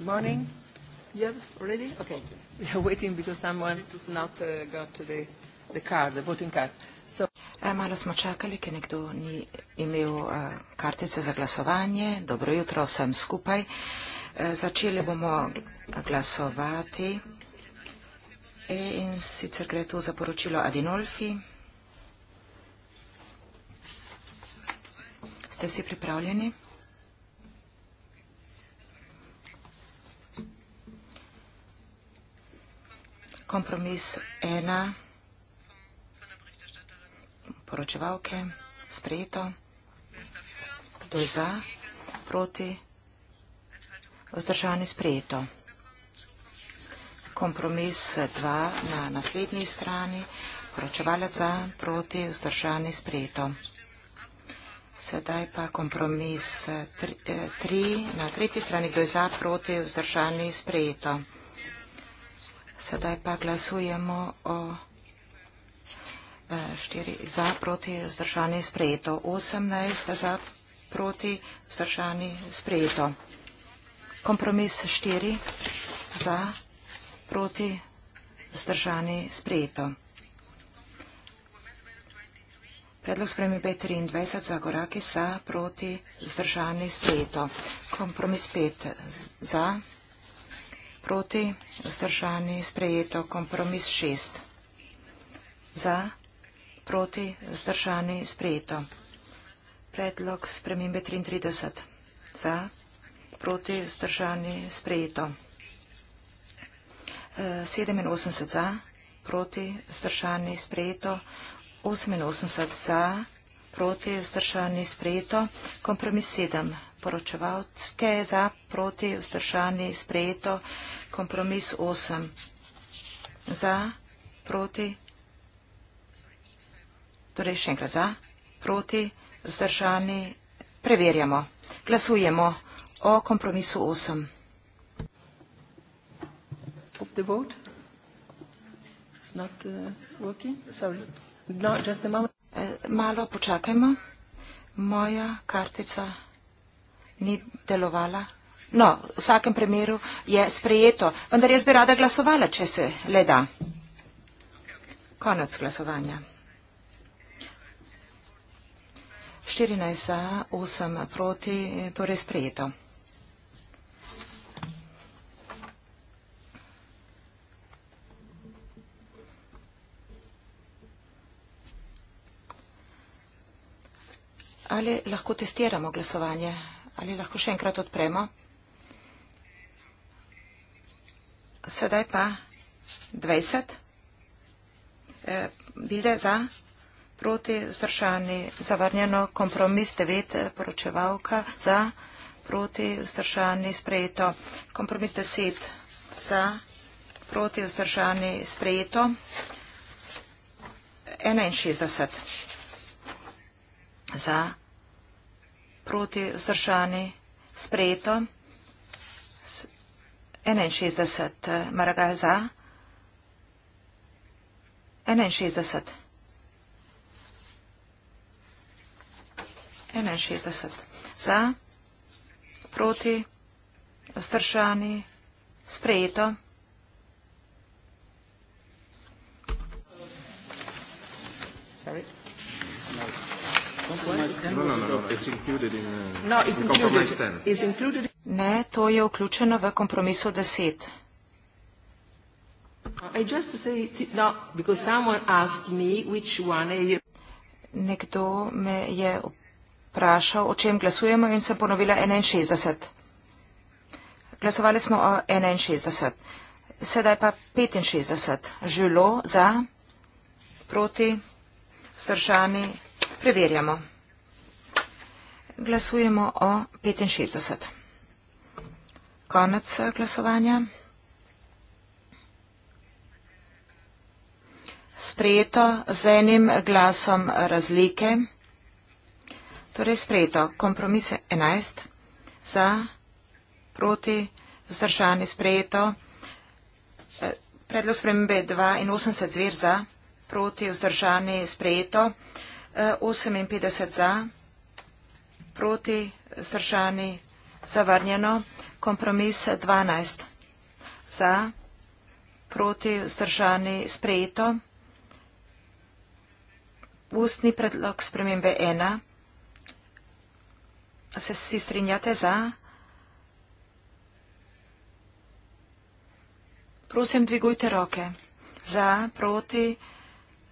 Morning. You have already? Okay. okay. We are waiting because someone has not uh, got to the, the card, the voting card. So. Eh, malo smo čakali, ker nekdo ni imel eh, kartice za glasovanje. Dobro jutro vsem skupaj. Eh, začeli bomo glasovati. E, in sicer gre tu za poročilo Adinolfi. Ste vsi pripravljeni? kompromis ena poročevalke sprejeto. Kdo je za, proti, vzdržani sprejeto. Kompromis dva na naslednji strani, poročevalec za, proti, vzdržani sprejeto. Sedaj pa kompromis tri, eh, tri na tretji strani, kdo je za, proti, vzdržani sprejeto. Sedaj pa glasujemo o eh, štiri za, proti, vzdržani, sprejeto. 18 za, proti, vzdržani, sprejeto. Kompromis štiri za, proti, vzdržani, sprejeto. Predlog spremi B23 za Goraki, za, proti, vzdržani, sprejeto. Kompromis pet za, proti, vzdržani, sprejeto, kompromis šest. Za, proti, vzdržani, sprejeto. Predlog spremembe 33. Za, proti, vzdržani, sprejeto. 87 e, za, proti, vzdržani, sprejeto. 88 za, proti, vzdržani, sprejeto. Kompromis sedem poročevalske za proti vzdržani sprejeto kompromis 8. Za proti, torej še enkrat za, proti vzdržani preverjamo. Glasujemo o kompromisu 8. Up the vote. It's not uh, working. Sorry. No, just a moment. Eh, malo počakajmo. Moja kartica ni delovala. No, v vsakem primeru je sprejeto, vendar jaz bi rada glasovala, če se le da. Konec glasovanja. 14 za, 8 proti, torej sprejeto. Ali lahko testiramo glasovanje? Ali lahko še enkrat odpremo? Sedaj pa 20. E, Bilde za proti vzdržani zavrnjeno kompromis 9 poročevalka za proti vzdržani sprejeto. Kompromis 10 za proti vzdržani sprejeto. 61 za proti vzdržani sprejeto proti vzdržani sprejeto. 61 eh, maraga za. 61. 61 za. Proti vzdržani sprejeto. Sorry. No, ne, to je vključeno v kompromisu 10. No, Nekdo me je vprašal, o čem glasujemo in sem ponovila 61. Glasovali smo o 61. Sedaj pa 65. Žilo za, proti, stržani, Preverjamo. Glasujemo o 65. Konec eh, glasovanja. Sprejeto z enim glasom razlike. Torej sprejeto kompromise 11 za proti vzdržani sprejeto. Eh, predlog spremembe 82 zver za proti vzdržani sprejeto. 58 za, proti, zdržani, zavrnjeno. Kompromis 12 za, proti, zdržani, sprejeto. Ustni predlog spremembe 1. Se si strinjate za? Prosim, dvigujte roke. Za, proti,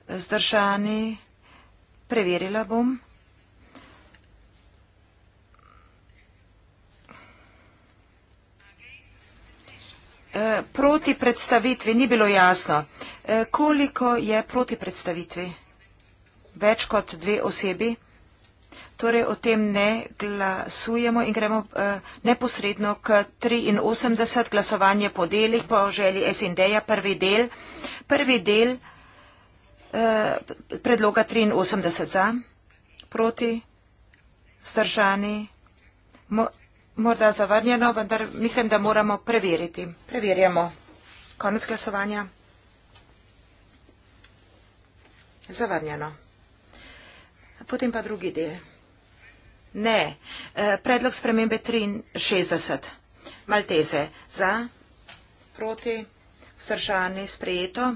zdržani, sprejeto. Preverila bom. E, proti predstavitvi ni bilo jasno. E, koliko je proti predstavitvi? Več kot dve osebi? Torej o tem ne glasujemo in gremo e, neposredno k 83 glasovanje po delih, po želji SND-ja, prvi del. Prvi del Eh, predloga 83 za, proti, zdržani, mo, morda zavrnjeno, vendar mislim, da moramo preveriti. Preverjamo. Konec glasovanja. Zavrnjeno. Potem pa drugi del. Ne. Eh, predlog spremembe 63. Malteze za, proti, zdržani, sprejeto.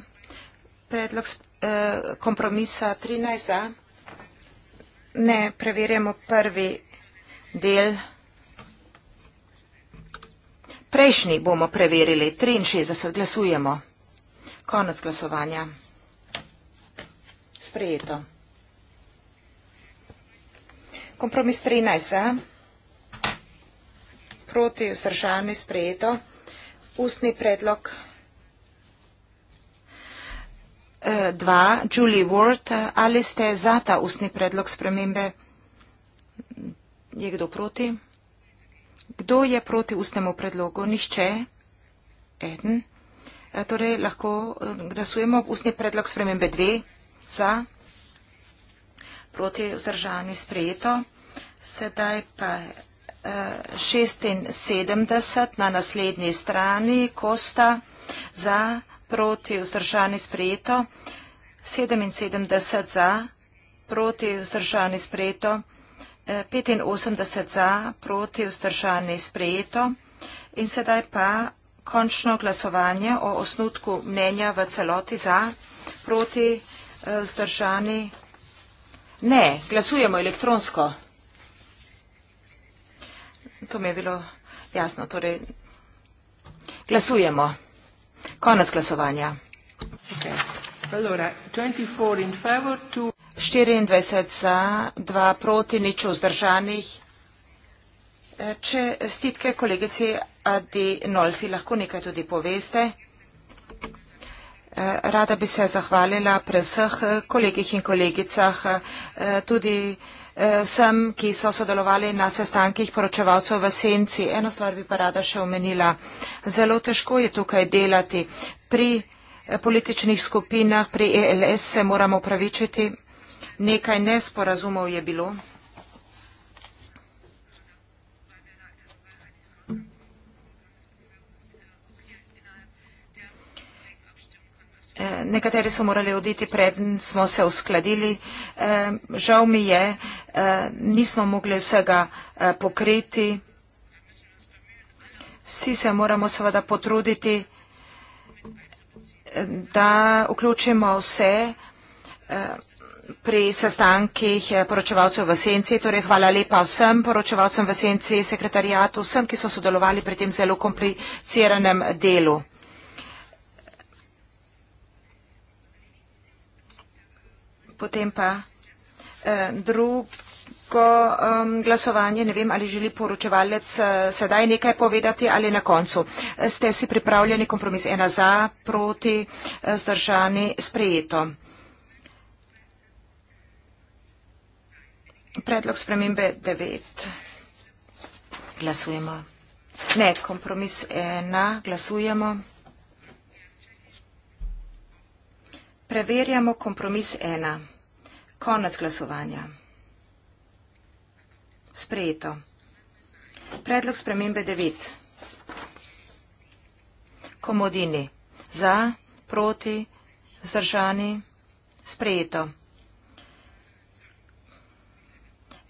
Predlog spremembe. Eh, kompromisa 13 za. Ne, preverjamo prvi del. Prejšnji bomo preverili, 63 glasujemo. Konec glasovanja. Sprejeto. Kompromis 13 za. Proti vzdržani sprejeto. Ustni predlog 2, Julie Ward, ali ste za ta ustni predlog spremembe? Je kdo proti? Kdo je proti ustnemu predlogu? Nihče? Eden? E, torej lahko e, glasujemo ustni predlog spremembe 2 za, proti vzdržani sprejeto. Sedaj pa 76 e, na naslednji strani, Kosta za proti vzdržani sprejeto, 77 za, proti vzdržani sprejeto, 85 e, za, proti vzdržani sprejeto in sedaj pa končno glasovanje o osnutku mnenja v celoti za, proti e, vzdržani. Ne, glasujemo elektronsko. To mi je bilo jasno. Torej, glasujemo. Konec glasovanja. Štiriindvajset za, dva proti, nič vzdržanih. E, če stitke kolegici Adi Nolfi lahko nekaj tudi poveste. E, rada bi se zahvalila pre vseh kolegih in kolegicah, e, tudi vsega, vsem, ki so sodelovali na sestankih poročevalcev v Senci. Eno stvar bi pa rada še omenila. Zelo težko je tukaj delati. Pri eh, političnih skupinah, pri ELS se moramo pravičiti. Nekaj nesporazumov je bilo. Eh, nekateri so morali oditi, preden smo se uskladili. Eh, žal mi je, eh, nismo mogli vsega pokriti. Vsi se moramo seveda potruditi, da vključimo vse pri sestankih poročevalcev v Senci. Torej, hvala lepa vsem poročevalcem v Senci, sekretarijatu, vsem, ki so sodelovali pri tem zelo kompliciranem delu. Potem pa eh, drugo eh, glasovanje, ne vem, ali želi poročevalec eh, sedaj nekaj povedati ali na koncu. Ste si pripravljeni kompromis ena za, proti, eh, zdržani, sprejeto. Predlog spremembe 9. Glasujemo. Ne, kompromis 1. Glasujemo. Preverjamo kompromis 1. Konec glasovanja. Sprejeto. Predlog spremembe 9. Komodini. Za, proti, zdržani. Sprejeto.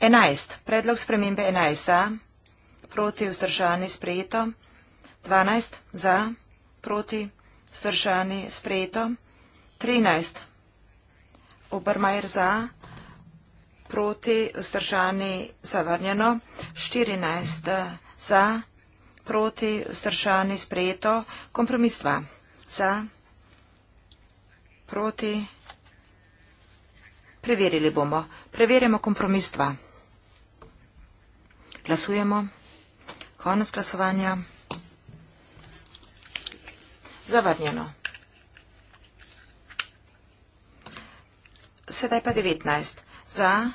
11. Predlog spremembe 11. Za, proti, vzdržani, sprejeto. 12. Za, proti, vzdržani, sprejeto. 13. 13. Obermajer za, proti, vzdržani, zavrnjeno. 14. Eh, za, proti, vzdržani, sprejeto. Kompromis 2. Za, proti, preverili bomo. Preverjamo kompromis 2. Glasujemo. Konec glasovanja. Zavrnjeno. sedaj pa 19. Za,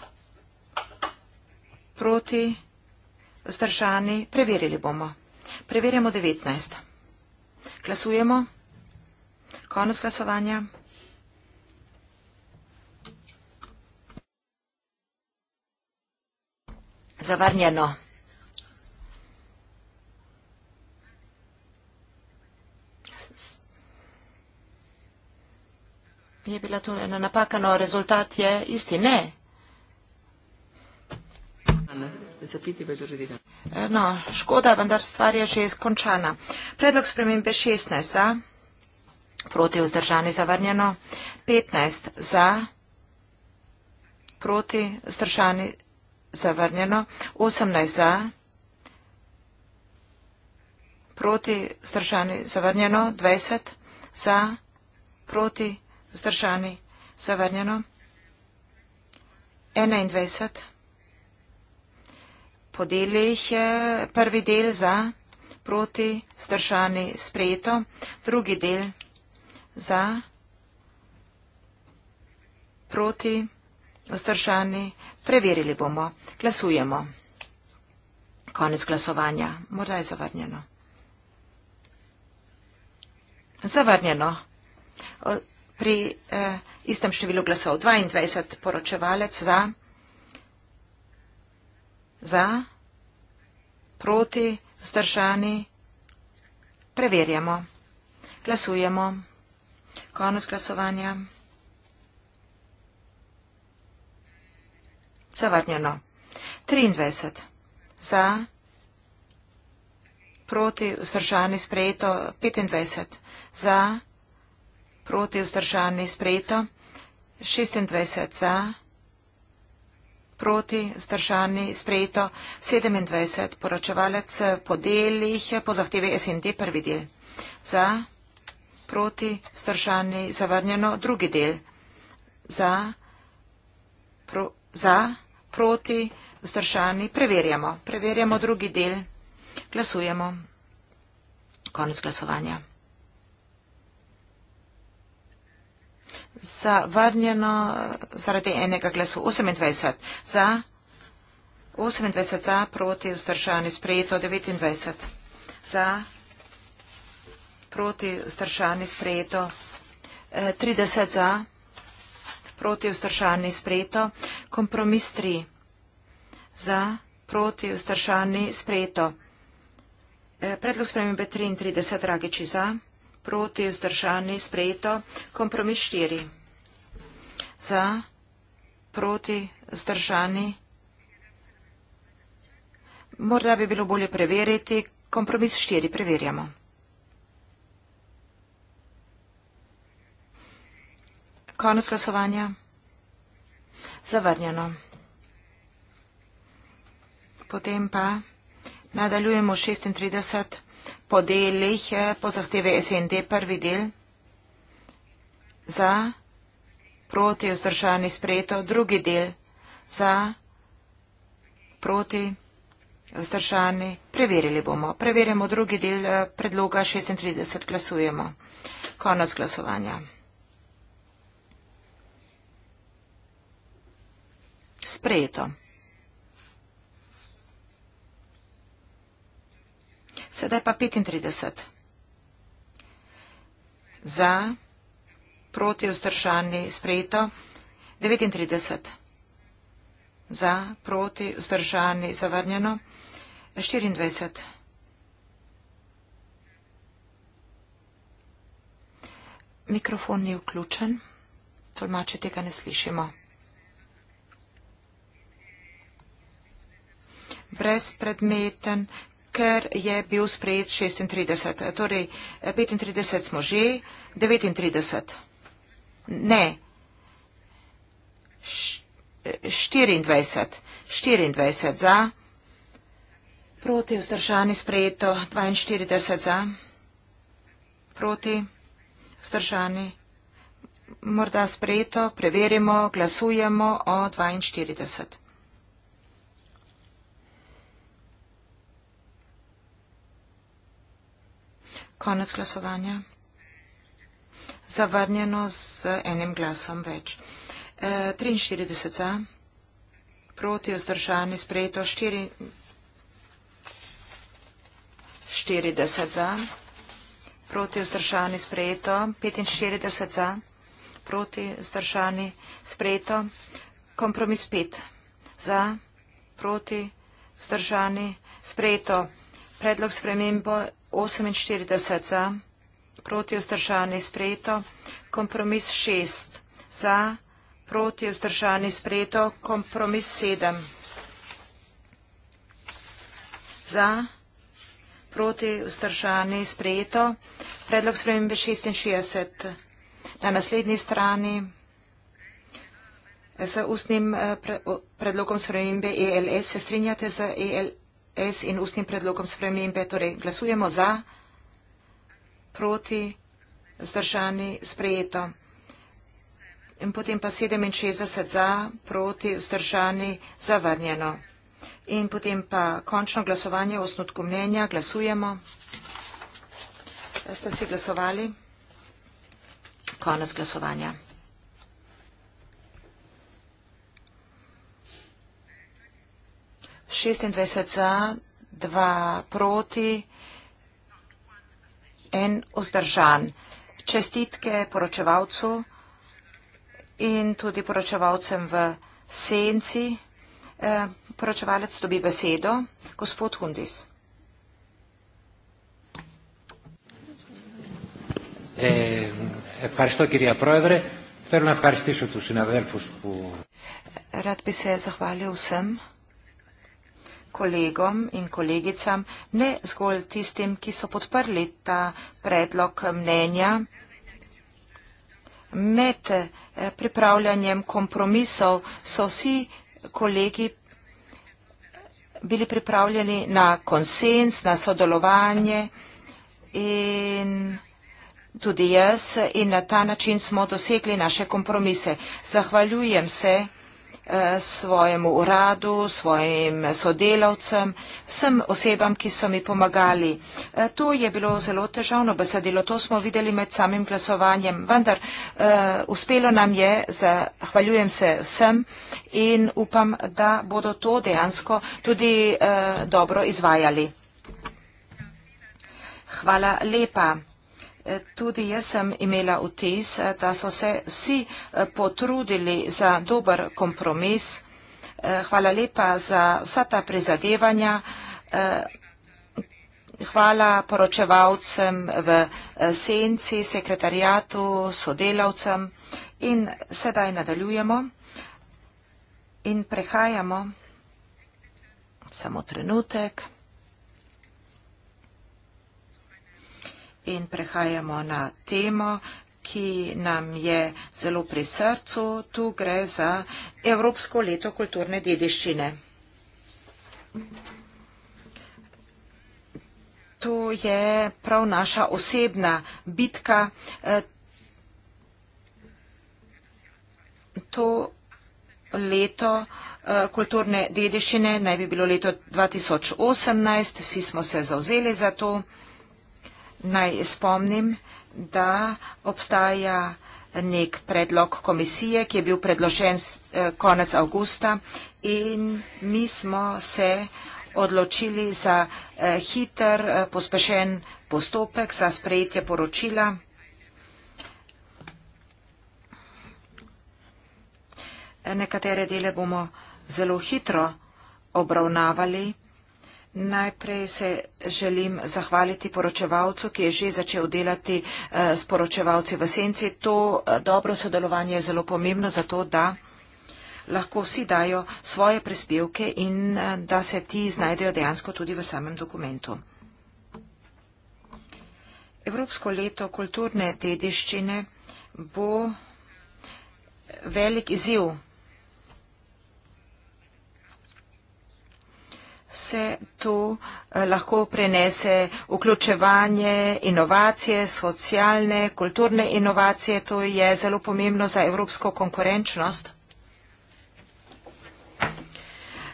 proti, vzdržani, preverili bomo. Preverjamo 19. Glasujemo. Konec glasovanja. Zavrnjeno. Je bila to ena napaka, no rezultat je isti. Ne. Eh, no, škoda, vendar stvar je že skončana. Predlog spremembe 16 za, proti vzdržani zavrnjeno, 15 za, proti vzdržani zavrnjeno, 18 za, proti vzdržani zavrnjeno, 20 za, proti vzdržani zavrnjeno vzdržani, zavrnjeno. 21. Podeli jih je prvi del za, proti, vzdržani, sprejeto, drugi del za, proti, vzdržani, preverili bomo, glasujemo. Konec glasovanja, morda je zavrnjeno. Zavrnjeno pri eh, istem številu glasov. 22 poročevalec za, za, proti, vzdržani. Preverjamo. Glasujemo. Konec glasovanja. Zavrnjeno. 23 za, proti, vzdržani, sprejeto, 25 za, Proti vzdržanje sprejeto. 26 za. Proti vzdržanje sprejeto. 27 poročevalec po delih po zahtevi SND prvi del. Za. Proti vzdržanje zavrnjeno drugi del. Za. Pro, za. Proti vzdržanje preverjamo. Preverjamo drugi del. Glasujemo. Konec glasovanja. zavrnjeno eh, zaradi enega glasu 28 za, 28 za, proti vzdržani, sprejeto 29 za, proti vzdržani, sprejeto 30 eh, za, proti vzdržani, sprejeto, kompromis 3 za, proti vzdržani, sprejeto. Eh, predlog spremembe 33, dragiči za proti vzdržani sprejeto kompromis 4. Za proti vzdržani. Morda bi bilo bolje preveriti kompromis 4. Preverjamo. Konec glasovanja. Zavrnjeno. Potem pa nadaljujemo 36 po delih eh, po zahteve SND prvi del za proti vzdržani sprejeto, drugi del za proti vzdržani preverili bomo. Preverjamo drugi del eh, predloga 36 glasujemo. Konec glasovanja. Sprejeto. Sedaj pa 35. Za, proti, vzdržani, sprejeto. 39. Za, proti, vzdržani, zavrnjeno. 24. Mikrofon ni vključen. Tolmače tega ne slišimo. Brezpredmeten, ker je bil sprejet 36. Torej, 35 smo že, 39. Ne. 24. 24 za. Proti vzdržani sprejeto 42 za. Proti vzdržani. Morda sprejeto. Preverimo. Glasujemo o 42. Konec glasovanja. Zavrnjeno z enim glasom več. E, 43 za, proti vzdržani sprejeto, 4, 40 za, proti vzdržani sprejeto, 45 za, proti vzdržani sprejeto, kompromis 5 za, proti vzdržani sprejeto, predlog spremembo 48 za, proti vzdržani sprejeto, kompromis 6 za, proti vzdržani sprejeto, kompromis 7 za, proti vzdržani sprejeto, predlog spremembe 66 na naslednji strani z ustnim eh, predlogom spremembe ELS. Se strinjate z ELS? S in ustnim predlogom spremembe, torej glasujemo za, proti, vzdržani, sprejeto. In potem pa 67 za, proti, vzdržani, zavrnjeno. In potem pa končno glasovanje o osnutku mnenja. Glasujemo. Ste vsi glasovali? Konec glasovanja. 26 za, 2 proti, 1 vzdržan. Čestitke poročevalcu in tudi poročevalcem v senci. Eh, poročevalec dobi besedo. Gospod Hundis. Eh, Rad bi se zahvalil vsem kolegom in kolegicam, ne zgolj tistim, ki so podprli ta predlog mnenja med eh, pripravljanjem kompromisov so vsi kolegi bili pripravljeni na konsens, na sodelovanje in tudi jaz in na ta način smo dosegli naše kompromise. Zahvaljujem se Eh, svojemu uradu, svojim sodelavcem, vsem osebam, ki so mi pomagali. Eh, to je bilo zelo težavno besedilo, to smo videli med samim glasovanjem, vendar eh, uspelo nam je, zahvaljujem se vsem in upam, da bodo to dejansko tudi dobro izvajali. Hvala lepa. Tudi jaz sem imela vtis, eh, da so se vsi eh, potrudili za dober kompromis. Eh, hvala lepa za vsa ta prizadevanja. Hvala poročevalcem v senci, sekretarijatu, sodelavcem. In sedaj nadaljujemo in prehajamo samo trenutek. in prehajamo na temo, ki nam je zelo pri srcu. Tu gre za Evropsko leto kulturne dediščine. To je prav naša osebna bitka. Eh, to leto eh, kulturne dediščine naj bi bilo leto 2018. Vsi smo se zauzeli za to naj spomnim, da obstaja nek predlog komisije, ki je bil predložen eh, konec avgusta in mi smo se odločili za eh, hiter eh, pospešen postopek za sprejetje poročila. Nekatere dele bomo zelo hitro obravnavali. Najprej se želim zahvaliti poročevalcu, ki je že začel delati eh, s poročevalci v senci. To eh, dobro sodelovanje je zelo pomembno zato, da lahko vsi dajo svoje prispevke in eh, da se ti znajdejo dejansko tudi v samem dokumentu. Evropsko leto kulturne dediščine bo velik izziv vse to eh, lahko prenese vključevanje, inovacije, socialne, kulturne inovacije. To je zelo pomembno za evropsko konkurenčnost.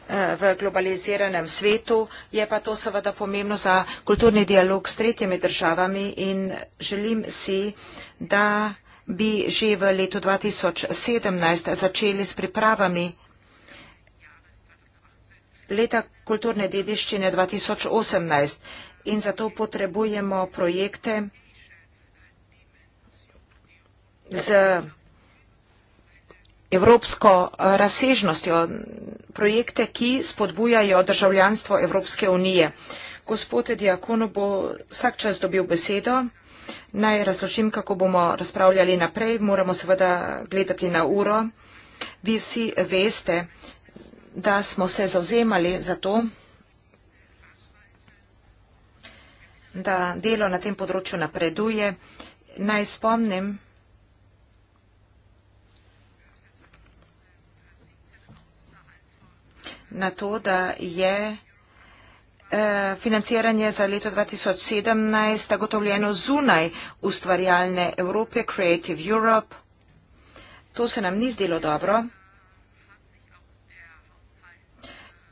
Eh, v globaliziranem svetu je pa to seveda pomembno za kulturni dialog s tretjimi državami in želim si, da bi že v letu 2017 začeli s pripravami leta kulturne dediščine 2018 in zato potrebujemo projekte z evropsko eh, razsežnostjo, projekte, ki spodbujajo državljanstvo Evropske unije. Gospod Diakonu bo vsak čas dobil besedo. Naj razložim, kako bomo razpravljali naprej. Moramo seveda gledati na uro. Vi vsi veste, da smo se zauzemali za to, da delo na tem področju napreduje. Naj spomnim, na to, da je eh, financiranje za leto 2017 zagotovljeno zunaj ustvarjalne Evrope, Creative Europe. To se nam ni zdelo dobro.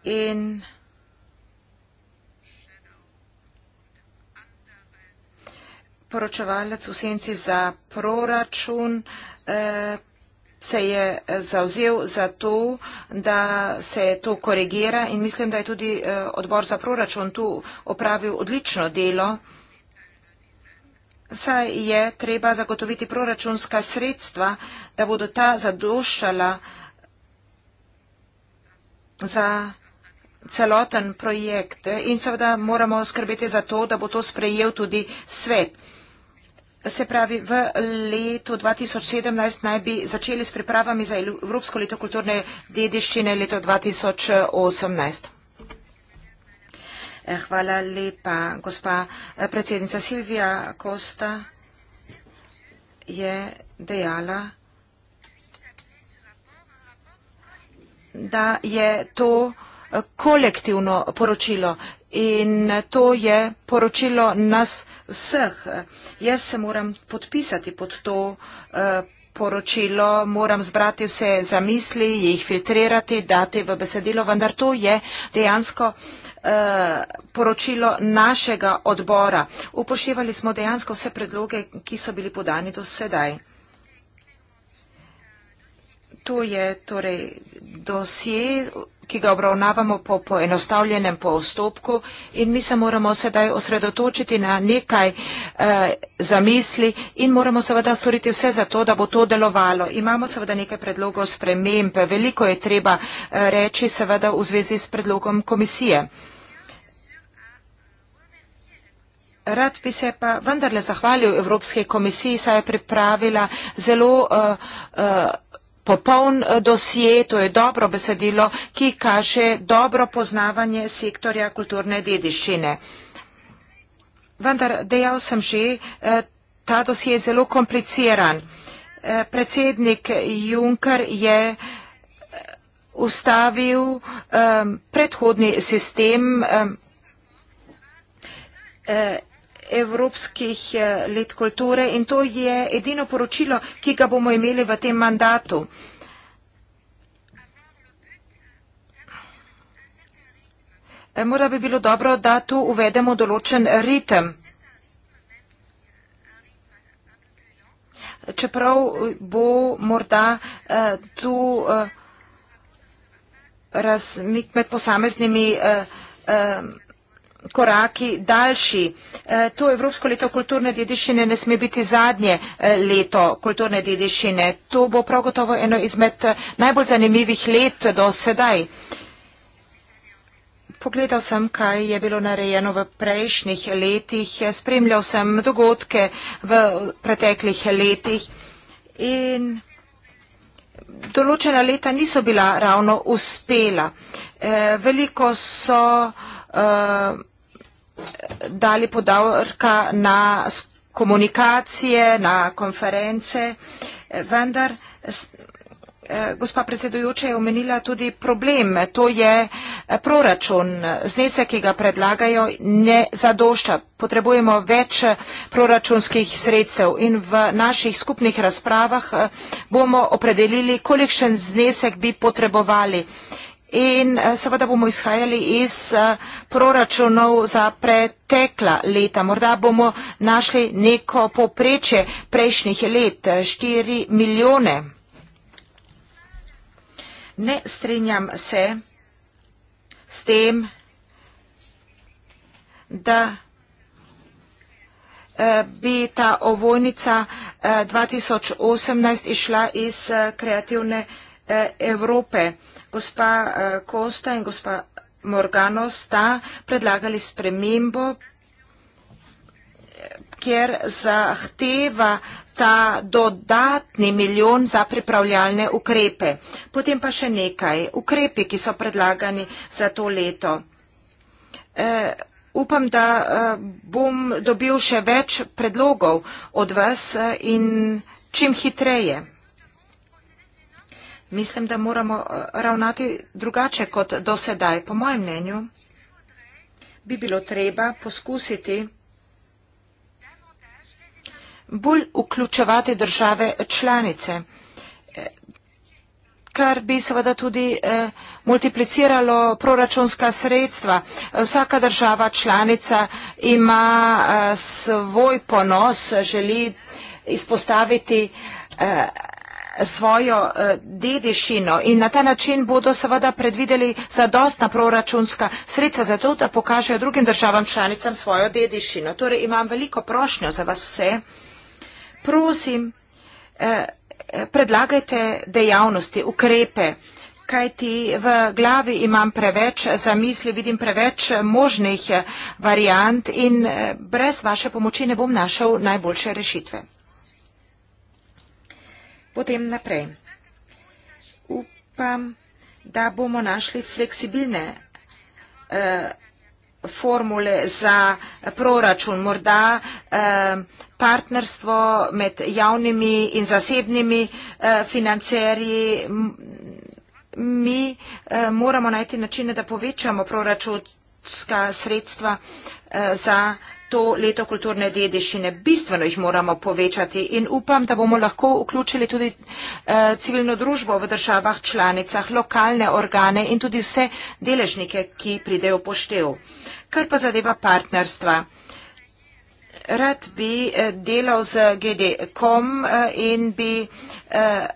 in poročevalec v senci za proračun eh, se je zauzel za to, da se to korigira in mislim, da je tudi eh, odbor za proračun tu opravil odlično delo. Saj je treba zagotoviti proračunska sredstva, da bodo ta zadoščala za proračun celoten projekt in seveda moramo skrbeti za to, da bo to sprejel tudi svet. Se pravi, v letu 2017 naj bi začeli s pripravami za Evropsko leto kulturne dediščine leto 2018. Eh, hvala lepa, gospa eh, predsednica. Silvija Kosta je dejala, da je to kolektivno poročilo in to je poročilo nas vseh. Jaz se moram podpisati pod to eh, poročilo, moram zbrati vse zamisli, jih filtrirati, dati v besedilo, vendar to je dejansko eh, poročilo našega odbora. Upoštevali smo dejansko vse predloge, ki so bili podani do sedaj. To je torej dosje ki ga obravnavamo po poenostavljenem postopku in mi se moramo sedaj osredotočiti na nekaj eh, zamisli in moramo seveda storiti vse za to, da bo to delovalo. Imamo seveda nekaj predlogov spremembe, veliko je treba eh, reči seveda v zvezi s predlogom komisije. Rad bi se pa vendarle zahvalil Evropske komisiji, saj je pripravila zelo eh, eh, popoln eh, dosje, to je dobro besedilo, ki kaže dobro poznavanje sektorja kulturne dediščine. Vendar dejal sem že, eh, ta dosje je zelo kompliciran. Eh, predsednik Juncker je ustavil predhodni sistem evropskih eh, let kulture in to je edino poročilo, ki ga bomo imeli v tem mandatu. Eh, Mora bi bilo dobro, da tu uvedemo določen ritem. Čeprav bo morda eh, tu razmik med posameznimi vsega, koraki daljši. E, to Evropsko leto kulturne dediščine ne sme biti zadnje e, leto kulturne dediščine. To bo prav gotovo eno izmed e, najbolj zanimivih let do sedaj. Pogledal sem, kaj je bilo narejeno v prejšnjih letih, spremljal sem dogodke v preteklih letih in določena leta niso bila ravno uspela. Veliko so dali podavka na komunikacije, na konference, eh, vendar eh, gospa predsedujoča je omenila tudi problem, to je eh, proračun, znese, ki ga predlagajo, ne zadošča. Potrebujemo več proračunskih sredstev in v naših skupnih razpravah bomo opredelili, kolikšen znesek bi potrebovali. In eh, seveda bomo izhajali iz eh, proračunov za pretekla leta. Morda bomo našli neko popreče prejšnjih let, 4 eh, milijone. Ne strinjam se s tem, da bi ta ovojnica 2018 išla iz kreativne Eh, Evrope. Gospa eh, Kosta in gospa Morgano sta predlagali spremembo, kjer zahteva ta dodatni milijon za pripravljalne ukrepe. Potem pa še nekaj. Ukrepi, ki so predlagani za to leto. Eh, upam, da bom dobil še več predlogov od vas in čim hitreje. Mislim, da moramo eh, ravnati drugače kot do sedaj. Po mojem mnenju bi bilo treba poskusiti bolj vključevati države članice, eh, kar bi seveda tudi eh, multipliciralo proračunska sredstva. Vsaka država članica ima svoj ponos, želi izpostaviti svojo eh, dedešino in na ta način bodo seveda predvideli zadostna proračunska sredstva za to, da pokažejo drugim državam članicam svojo dedešino. Torej imam veliko prošnjo za vas vse. Prosim, eh, eh, predlagajte dejavnosti, ukrepe, kaj ti v glavi imam preveč zamisli, vidim preveč možnih variant in brez vaše pomoči ne bom našel najboljše rešitve. Potem naprej. Upam, da bomo našli fleksibilne eh, formule za proračun, morda eh, partnerstvo med javnimi in zasebnimi eh, financerji. Mi eh, moramo najti načine, da povečamo proračunska sredstva eh, za to leto kulturne dediščine. Bistveno jih moramo povečati in upam, da bomo lahko vključili tudi eh, civilno družbo v državah članicah, lokalne organe in tudi vse deležnike, ki pridejo poštev. Kar pa zadeva partnerstva. Rad bi eh, delal z GD.com eh, in bi eh,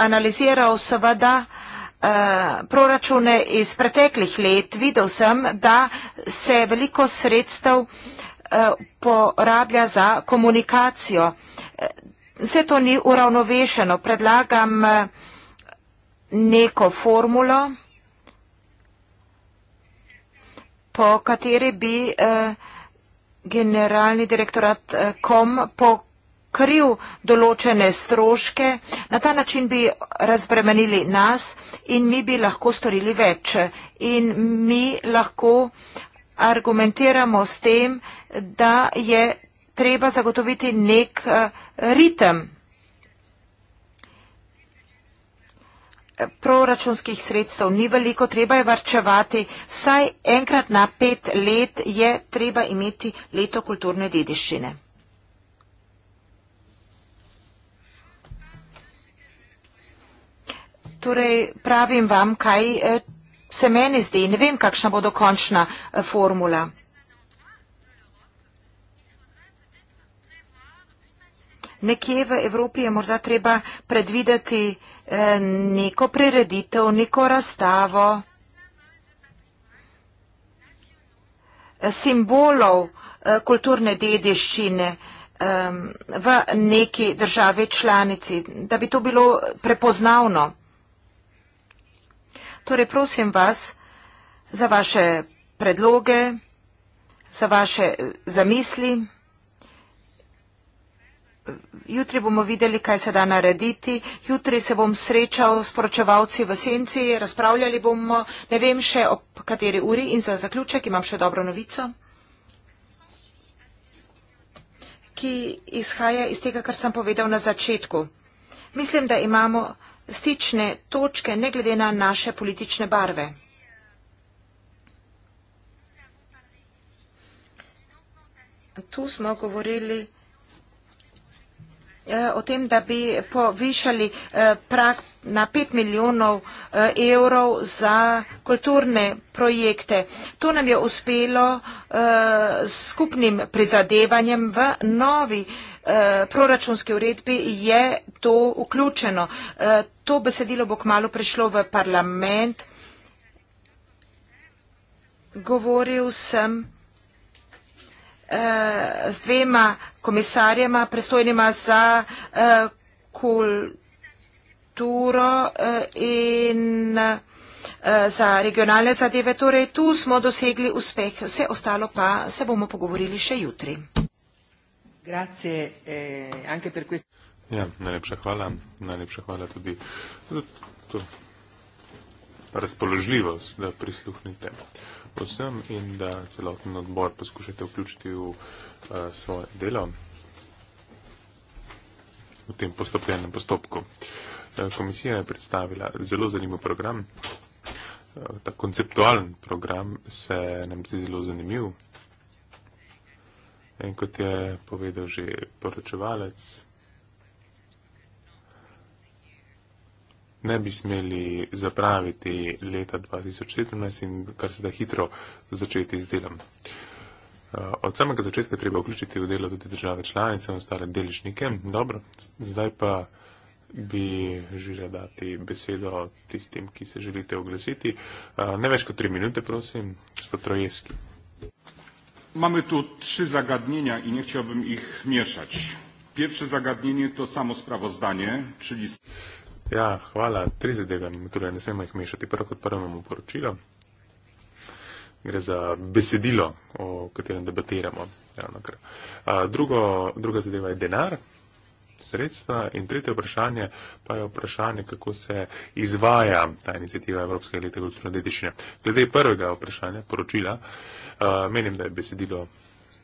analiziral seveda eh, uh, proračune iz preteklih let, videl sem, da se veliko sredstev uh, porablja za komunikacijo. Eh, vse to ni uravnovešeno. Predlagam neko formulo, po kateri bi eh, generalni direktorat eh, kom po kriv določene stroške, na ta način bi razbremenili nas in mi bi lahko storili več. In mi lahko argumentiramo s tem, da je treba zagotoviti nek eh, ritem proračunskih sredstev. Ni veliko, treba je varčevati. Vsaj enkrat na pet let je treba imeti leto kulturne dediščine. Torej, pravim vam, kaj eh, se meni zdi. Ne vem, kakšna bo dokončna eh, formula. Nekje v Evropi je morda treba predvideti eh, neko prireditev, neko razstavo simbolov kulturne dediščine v neki državi članici, da bi to bilo prepoznavno. Torej prosim vas za vaše predloge, za vaše eh, zamisli. Jutri bomo videli, kaj se da narediti. Jutri se bom srečal s poročevalci v senci, razpravljali bomo, ne vem še ob kateri uri in za zaključek imam še dobro novico, ki izhaja iz tega, kar sem povedal na začetku. Mislim, da imamo stične točke, ne glede na naše politične barve. Tu smo govorili eh, o tem, da bi povišali eh, prak na 5 milijonov eh, evrov za kulturne projekte. To nam je uspelo s skupnim prizadevanjem v novi projekte Eh, proračunske uredbi je to vključeno. Eh, to besedilo bo kmalo prišlo v parlament. Govoril sem eh, z dvema komisarjema, predstojnima za kulturo in za regionalne zadeve. Torej, tu smo dosegli uspeh, vse ostalo pa se bomo pogovorili še jutri. Grazie eh, anche per questo. Ja, najlepša hvala. Najlepša hvala tudi za to razpoložljivost, da prisluhnite vsem in da celoten odbor poskušate vključiti v uh, svoje delo v tem postopljenem postopku. Eh, komisija je predstavila zelo zanimiv program. Eh, ta konceptualen program se nam zdi zelo zanimiv. In kot je povedal že poročevalec, ne bi smeli zapraviti leta 2017 in kar se da hitro začeti z delom. Eh, od samega začetka treba vključiti v delo tudi države članice in ostale deležnike. Dobro, zdaj pa bi želela dati besedo tistim, ki se želite oglasiti. Eh, ne več kot tri minute, prosim, gospod Trojeski. Mamy tu trzy zagadnienia i nie chciałbym ich mieszać. Pierwsze zagadnienie to samo sprawozdanie, czyli. Ja, chwala, trzy zagadnienia, które nie chcemy ich mieszać. Prvo kot prvo mu poručilo. Gre za besedilo, o katerem debatiramo. Drugo, druga zadeva je denar, sredstva in tretje vprašanje pa je vprašanje, kako se izvaja ta inicijativa Evropske elite kulturne dediščine. Glede prvega vprašanja, poročila, uh, menim, da je besedilo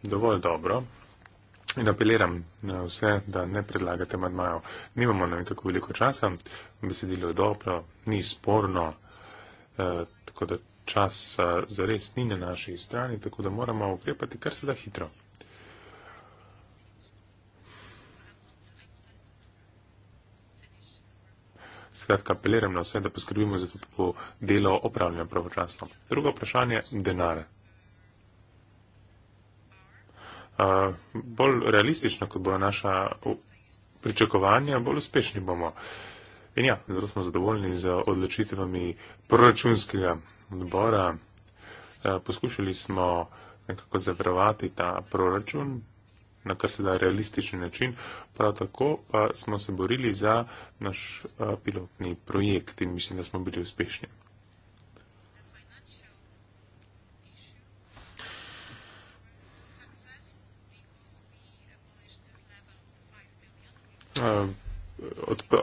dovolj dobro in apeliram na vse, da ne predlagate madmajo. Nimamo nam tako veliko časa, besedilo je dobro, ni sporno, uh, tako da čas uh, zares ni na naši strani, tako da moramo ukrepati kar se da hitro. Skratka, apeliram na vse, da poskrbimo za to, da bo delo opravljeno pravočasno. Drugo vprašanje, denar bolj realistično, kot bojo naša pričakovanja, bolj uspešni bomo. In ja, zelo smo zadovoljni z odločitvami proračunskega odbora. Poskušali smo nekako zavrvati ta proračun na kar se da realističen način, prav tako pa smo se borili za naš pilotni projekt in mislim, da smo bili uspešni. Eh,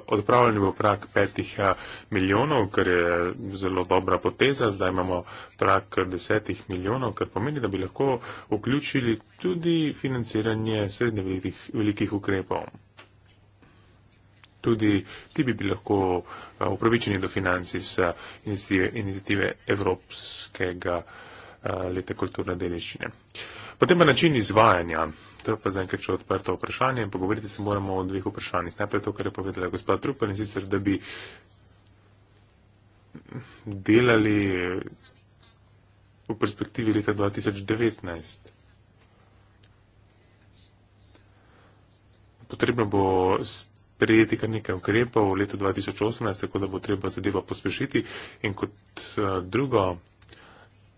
odpravljeni bo prak petih eh, milijonov, kar je zelo dobra poteza. Zdaj imamo prak desetih milijonov, kar pomeni, da bi lahko vključili tudi financiranje srednje velikih, velikih ukrepov. Tudi ti bi bili lahko eh, upravičeni do financij iz inicijative Evropskega leta kulturne deliščine. Potem pa način izvajanja. To je pa zaenkrat še odprto vprašanje in pogovoriti se moramo o dveh vprašanjih. Najprej to, kar je povedala gospod Trupel in sicer, da bi delali v perspektivi leta 2019. Potrebno bo sprejeti kar nekaj ukrepov v letu 2018, tako da bo treba zadeva pospešiti. In kot eh, drugo,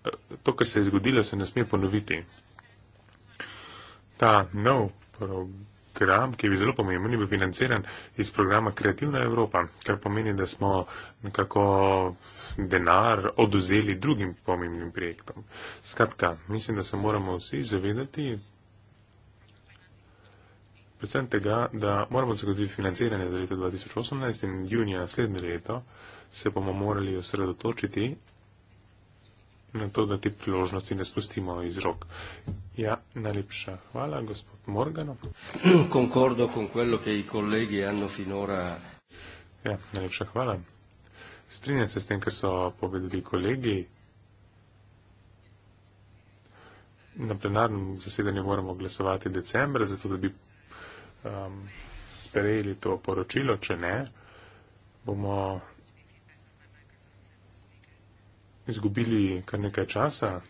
eh, to, kar se je zgodilo, se ne sme ponoviti ta nov program, ki je bil zelo pomemben, je bil financiran iz programa Kreativna Evropa, kar pomeni, da smo nekako denar oduzeli drugim pomembnim projektom. Skratka, mislim, da se moramo vsi zavedati predvsem tega, da moramo zagotoviti financiranje za leto 2018 in junija naslednje leto se bomo morali osredotočiti na to, da te priložnosti ne spustimo iz rok. Ja, najlepša hvala, gospod Morgano. Concordo con quello che i colleghi hanno finora. Ja, najlepša hvala. Strinjam se s tem, kar so povedali kolegi. Na plenarnem zasedanju moramo glasovati decembra, zato da bi um, sprejeli to poročilo, če ne, bomo izgubili kar nekaj časa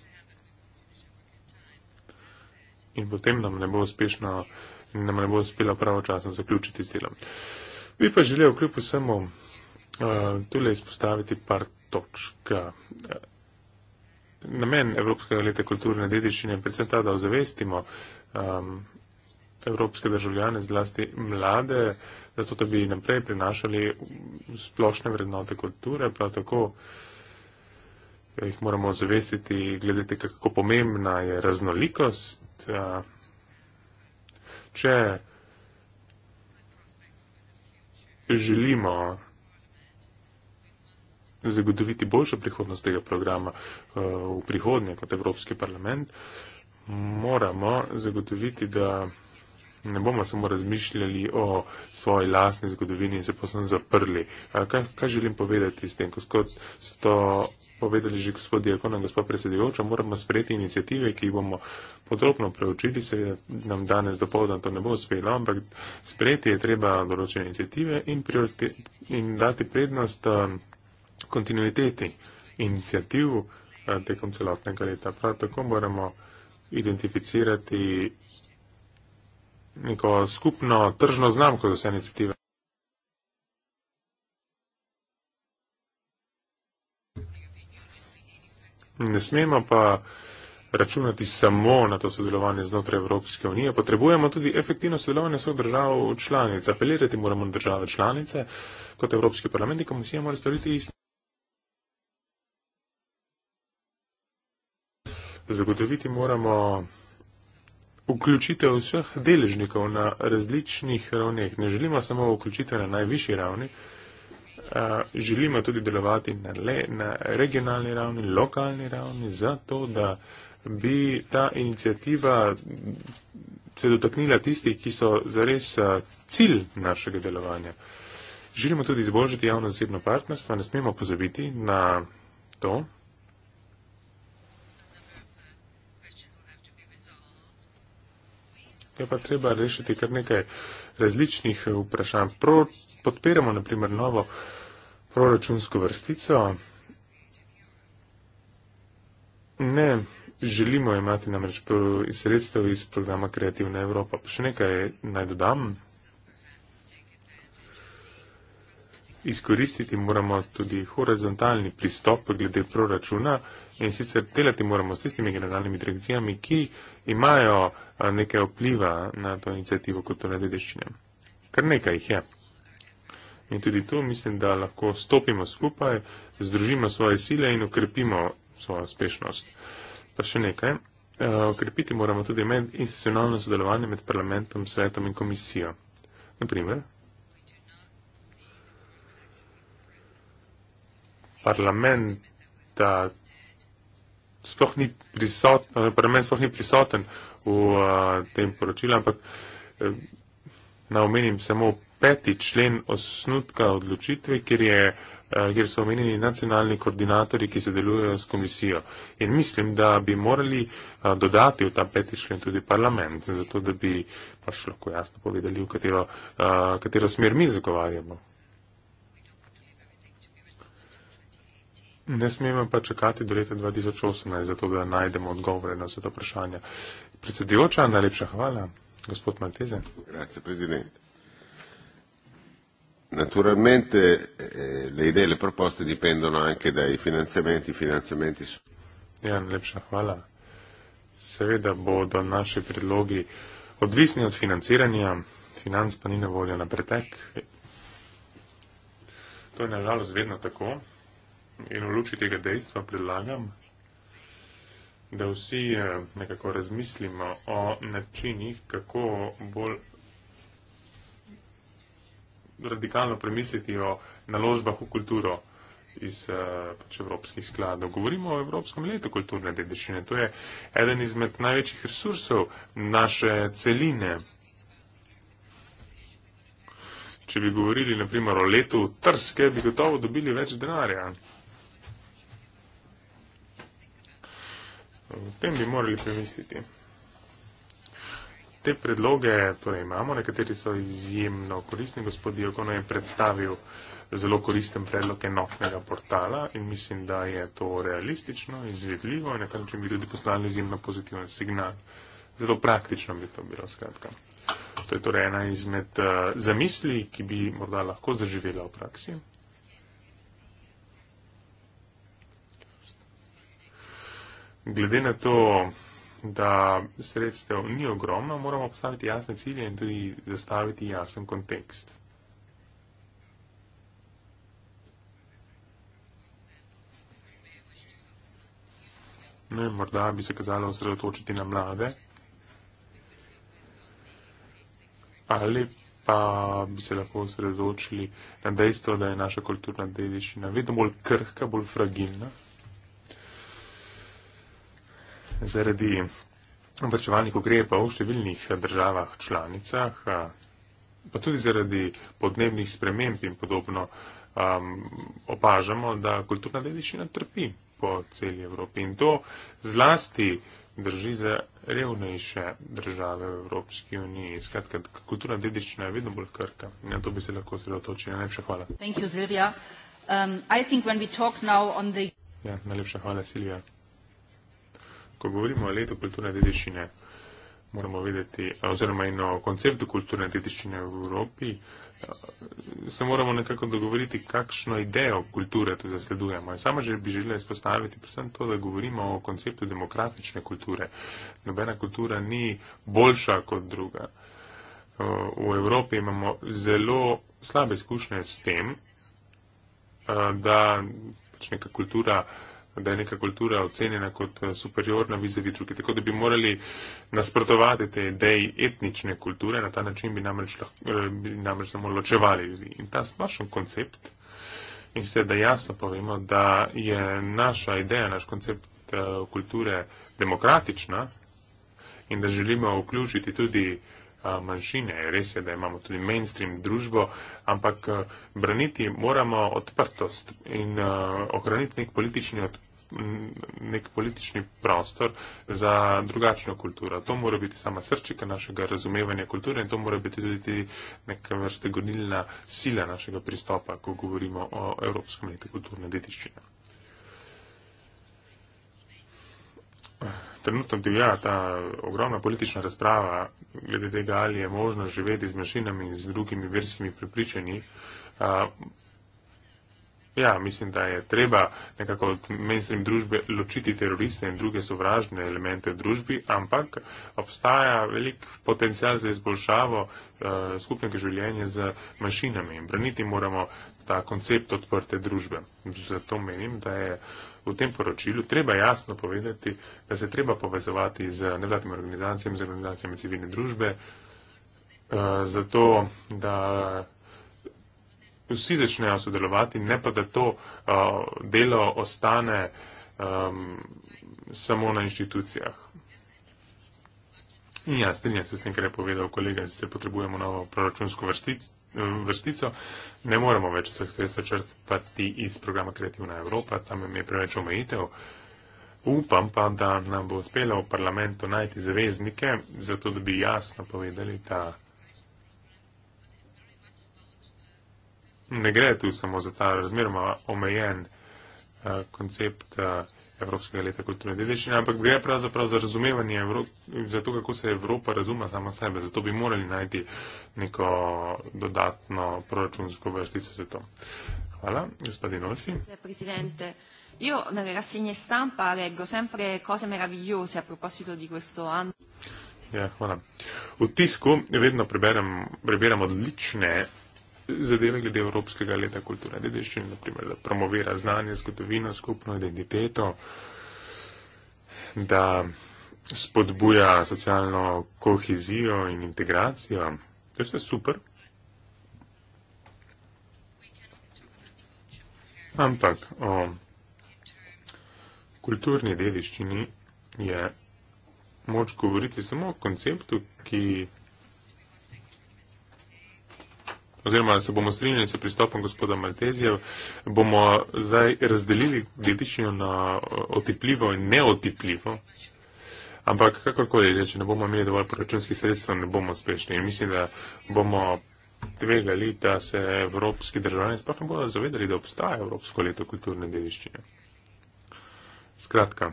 in potem nam ne bo uspešno, nam ne bo uspela pravočasno zaključiti z delom. Bi pa želel kljub vsemu uh, eh, tudi izpostaviti par točk. Eh, namen Evropskega leta kulturne dediščine je predvsem ta, da ozavestimo um, evropske državljane, zlasti mlade, zato da bi naprej prinašali splošne vrednote kulture, prav tako uh, jih moramo zavestiti, gledati, kako pomembna je raznolikost. Če želimo zagotoviti boljšo prihodnost tega programa v prihodnje kot Evropski parlament, moramo zagotoviti, da ne bomo samo razmišljali o svoji lasni zgodovini in se posem zaprli. Kaj, kaj želim povedati s tem? Ko so povedali že gospod Diakon in gospod predsedujoča, moramo sprejeti inicijative, ki jih bomo podrobno preučili, se nam danes do povdan to ne bo uspelo, ampak sprejeti je treba določene inicijative in, in dati prednost kontinuiteti inicijativ tekom celotnega leta. Prav tako moramo identificirati neko skupno tržno znamko za vse inicijative. Ne smemo pa računati samo na to sodelovanje znotraj Evropske unije. Potrebujemo tudi efektivno sodelovanje vseh držav članic. Apelirati moramo na države članice, kot Evropski parlament in komisija mora staviti isto. Zagotoviti moramo vključitev vseh deležnikov na različnih ravneh. Ne želimo samo vključitev na najvišji ravni, želimo tudi delovati na, le, na regionalni ravni, lokalni ravni, zato da bi ta inicijativa se dotaknila tistih, ki so zares cilj našega delovanja. Želimo tudi izboljšati javno-zasebno partnerstvo, ne smemo pozabiti na to, je pa treba rešiti kar nekaj različnih vprašanj. Pro, podpiramo naprimer novo proračunsko vrstico. Ne želimo imati namreč sredstev iz programa Kreativna Evropa. Še nekaj naj dodam. izkoristiti moramo tudi horizontalni pristop glede proračuna in sicer delati moramo s tistimi generalnimi direkcijami, ki imajo nekaj vpliva na to inicijativo kulturne dediščine. Kar nekaj jih je. In tudi tu mislim, da lahko stopimo skupaj, združimo svoje sile in ukrepimo svojo uspešnost. Pa še nekaj. Okrepiti moramo tudi institucionalno sodelovanje med parlamentom, svetom in komisijo. Naprimer, parlament, da sploh ni prisoten, eh, parlament sploh ni prisoten v a, eh, tem poročilu, ampak e, eh, naomenim samo peti člen osnutka odločitve, kjer, je, a, kjer so omenjeni nacionalni koordinatori, ki sodelujejo s komisijo. In mislim, da bi morali a, dodati v ta peti člen tudi parlament, zato da bi pač lahko jasno povedali, v katero, a, katero smer mi zagovarjamo. Ne smemo pa čakati do leta 2018, zato da najdemo odgovore na vse to vprašanje. Predsedujoča, najlepša hvala. Gospod Malteze. Grazie, predsednik. Naturalmente eh, le ideje, le proposte dipendono anche dai financiamenti. financiamenti su... Ja, najlepša hvala. Seveda bodo naši predlogi odvisni od financiranja. Financ pa ni na voljo na pretek. To je nažalost vedno tako. In v luči tega dejstva predlagam, da vsi eh, nekako razmislimo o načinih, kako bolj radikalno premisliti o naložbah v kulturo iz eh, pač evropskih skladov. Govorimo o Evropskem letu kulturne dediščine. To je eden izmed največjih resursov naše celine. Če bi govorili naprimer o letu Trske, bi gotovo dobili več denarja. O tem bi morali premisliti. Te predloge torej imamo, nekateri so izjemno koristni. Gospod Jelkono je predstavil zelo koristen predlog enotnega portala in mislim, da je to realistično, izvedljivo in na tem bi tudi poslali izjemno pozitiven signal. Zelo praktično bi to bilo, skratka. To je torej ena izmed uh, zamisli, ki bi morda lahko zaživela v praksi. glede na to, da sredstev ni ogromno, moramo postaviti jasne cilje in tudi zastaviti jasen kontekst. No in morda bi se kazalo osredotočiti na mlade. Ali pa bi se lahko osredotočili na dejstvo, da je naša kulturna dediščina vedno bolj krhka, bolj fragilna zaradi obrčevalnih ukrepov v številnih državah članicah, pa tudi zaradi podnebnih sprememb in podobno, um, opažamo, da kulturna dedičina trpi po celi Evropi in to zlasti drži za revnejše države v Evropski uniji. Skratka, kulturna dedičina je vedno bolj krka. Na to bi se lahko osredotočili. Najlepša hvala. Um, the... ja, najlepša hvala, Silvija ko govorimo o letu kulturne dediščine, moramo vedeti, oziroma in o konceptu kulturne dediščine v Evropi, se moramo nekako dogovoriti, kakšno idejo kulture tu zasledujemo. In sama že bi želela izpostaviti predvsem to, da govorimo o konceptu demokratične kulture. Nobena kultura ni boljša kot druga. V Evropi imamo zelo slabe izkušnje s tem, da pač neka kultura da je neka kultura ocenjena kot eh, superiorna vizavi druge. Tako da bi morali nasprotovati te ideji etnične kulture, na ta način bi namreč, eh, bi namreč samo ločevali ljudi. In ta splošen koncept, in se da jasno povemo, da je naša ideja, naš koncept eh, kulture demokratična in da želimo vključiti tudi manjšine. Res je, da imamo tudi mainstream družbo, ampak braniti moramo odprtost in ohraniti nek politični odprtost nek politični prostor za drugačno kulturo. To mora biti sama srčika našega razumevanja kulture in to mora biti tudi neka vrste gonilna sila našega pristopa, ko govorimo o evropskem in kulturnem dediščini. Trenutno divja ta ogromna politična razprava glede tega, ali je možno živeti z mašinami in z drugimi verskimi prepričanji. Ja, mislim, da je treba nekako od mainstream družbe ločiti teroriste in druge sovražne elemente v družbi, ampak obstaja velik potencial za izboljšavo uh, skupnega življenja z mašinami in braniti moramo ta koncept odprte družbe. Zato menim, da je v tem poročilu treba jasno povedati, da se treba povezovati z nevladnimi organizacijami, z organizacijami civilne družbe, uh, zato da vsi začnejo sodelovati, ne pa da to uh, delo ostane um, samo na inštitucijah. In ja, strinjam se s tem, kar je povedal kolega, da se potrebujemo novo proračunsko vrstic, vrstico. Ne moramo več vseh sredstev črpati iz programa Kreativna Evropa, tam je preveč omejitev. Upam pa, da nam bo uspelo v parlamentu najti zaveznike, zato da bi jasno povedali, da ne gre tu samo za ta razmeroma omejen eh, koncept eh, Evropskega leta kulturne dediščine, ampak gre pravzaprav za razumevanje, Evro za to, kako se Evropa razuma samo sebe. Zato bi morali najti neko dodatno proračunsko vrstice za to. Hvala. Gospodin Olfi. Io nelle rassegne stampa leggo sempre cose meravigliose a proposito di questo anno. Yeah, voilà. U tisku vedno preberem, preberem odlične zadeve glede Evropskega leta kulture dediščine, naprimer, da promovira znanje, zgodovino, skupno identiteto, da spodbuja socialno kohezijo in integracijo. To je vse super. Ampak o kulturni dediščini je moč govoriti samo o konceptu, ki oziroma se bomo strinjali s pristopom gospoda Maltezija, bomo zdaj razdelili dedičnjo na otepljivo in neotepljivo. Ampak kakorkoli že, če ne bomo imeli dovolj proračunskih sredstev, ne bomo uspešni. In mislim, da bomo tvegali, da se evropski državljani sploh ne bodo zavedali, da obstaja Evropsko leto kulturne dediščine. Skratka,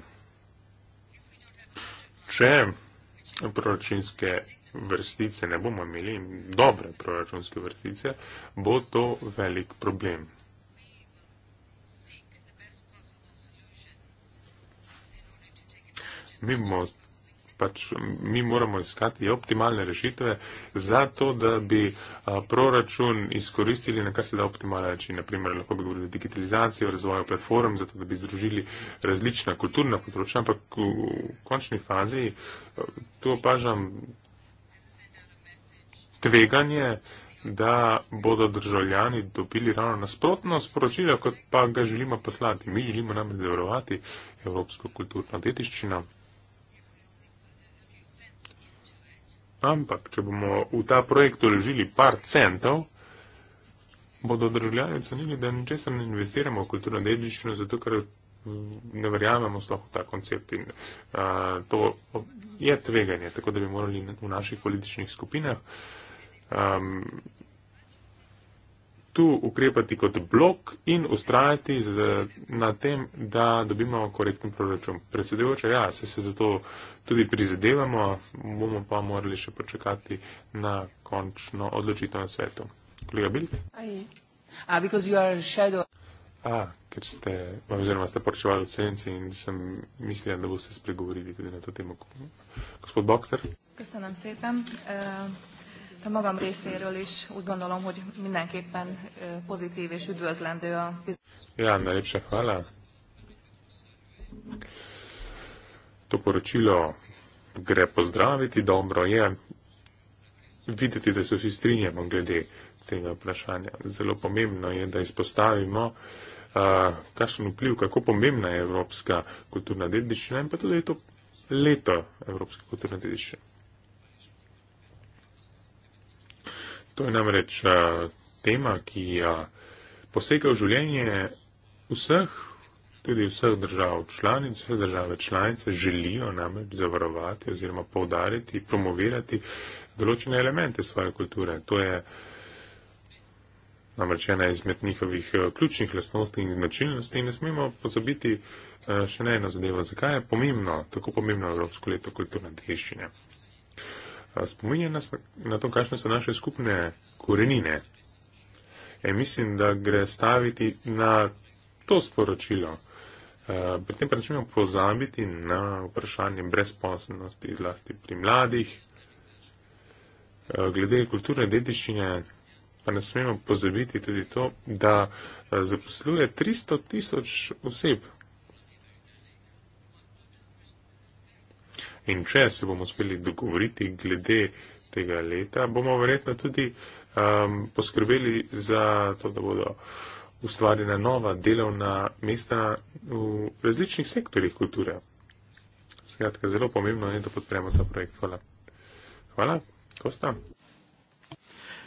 če proračunske vrstice ne bomo imeli, dobre proračunske vrstice, bo to velik problem. Mi, bomo, pač, mi moramo iskati optimalne rešitve za to, da bi a, proračun izkoristili na kar se da optimalen način. Naprimer, lahko bi govorili o digitalizaciji, o razvoju platform, zato da bi združili različna kulturna področja, ampak v, v končni fazi a, tu opažam tveganje, da bodo državljani dobili ravno nasprotno sporočilo, kot pa ga želimo poslati. Mi želimo namreč delovati evropsko kulturno dediščino. Ampak, če bomo v ta projekt uložili par centov, bodo državljani ocenili, da ničesar ne investiramo v kulturno dediščino, zato ker ne verjamemo sploh v ta koncept. In, a, to je tveganje, tako da bi morali v naših političnih skupinah um, tu ukrepati kot blok in ustrajati z, na tem, da dobimo korektni proračun. Predsedujoče, ja, se, se zato tudi prizadevamo, bomo pa morali še počakati na končno odločitev na svetu. Kolega Bilj? Ah, ker ste, oziroma ste poročevali v senci in sem mislila, da boste spregovorili tudi na to temo. Gospod Bokser? Ker se nam svetam. Uh... A magam részéről is úgy gondolom, hogy mindenképpen pozitív és üdvözlendő a bizonyos. Jaj, lépsek vele. Topor Csilla, gre pozdraviti, dobro je. Videti, da se vsi strinjamo glede tega vprašanja. Zelo pomembno je, da izpostavimo, kakšen vpliv, kako pomembna je evropska kulturna dediščina in pa tudi to leto evropske kulturne dediščine. To je namreč eh, tema, ki ja posega v življenje vseh, tudi vseh držav članic, vse države članice želijo namreč zavarovati oziroma povdariti, promovirati določene elemente svoje kulture. To je namreč ena izmed njihovih eh, ključnih lasnosti in značilnosti in ne smemo pozabiti eh, še na eno zadevo, zakaj je pomembno, tako pomembno Evropsko leto kulturne dediščine spominja nas na to, kakšne so naše skupne korenine. E, mislim, da gre staviti na to sporočilo. E, pri tem pa ne smemo pozabiti na vprašanje brezposobnosti, zlasti pri mladih. E, glede kulturne dediščine pa ne smemo pozabiti tudi to, da e, zaposluje 300 tisoč oseb In če se bomo uspeli dogovoriti glede tega leta, bomo verjetno tudi um, poskrbeli za to, da bodo ustvarjena nova delovna mesta v različnih sektorjih kulture. Skratka, zelo pomembno je, da podpremo ta projekt. Hvala. Hvala. Kosta.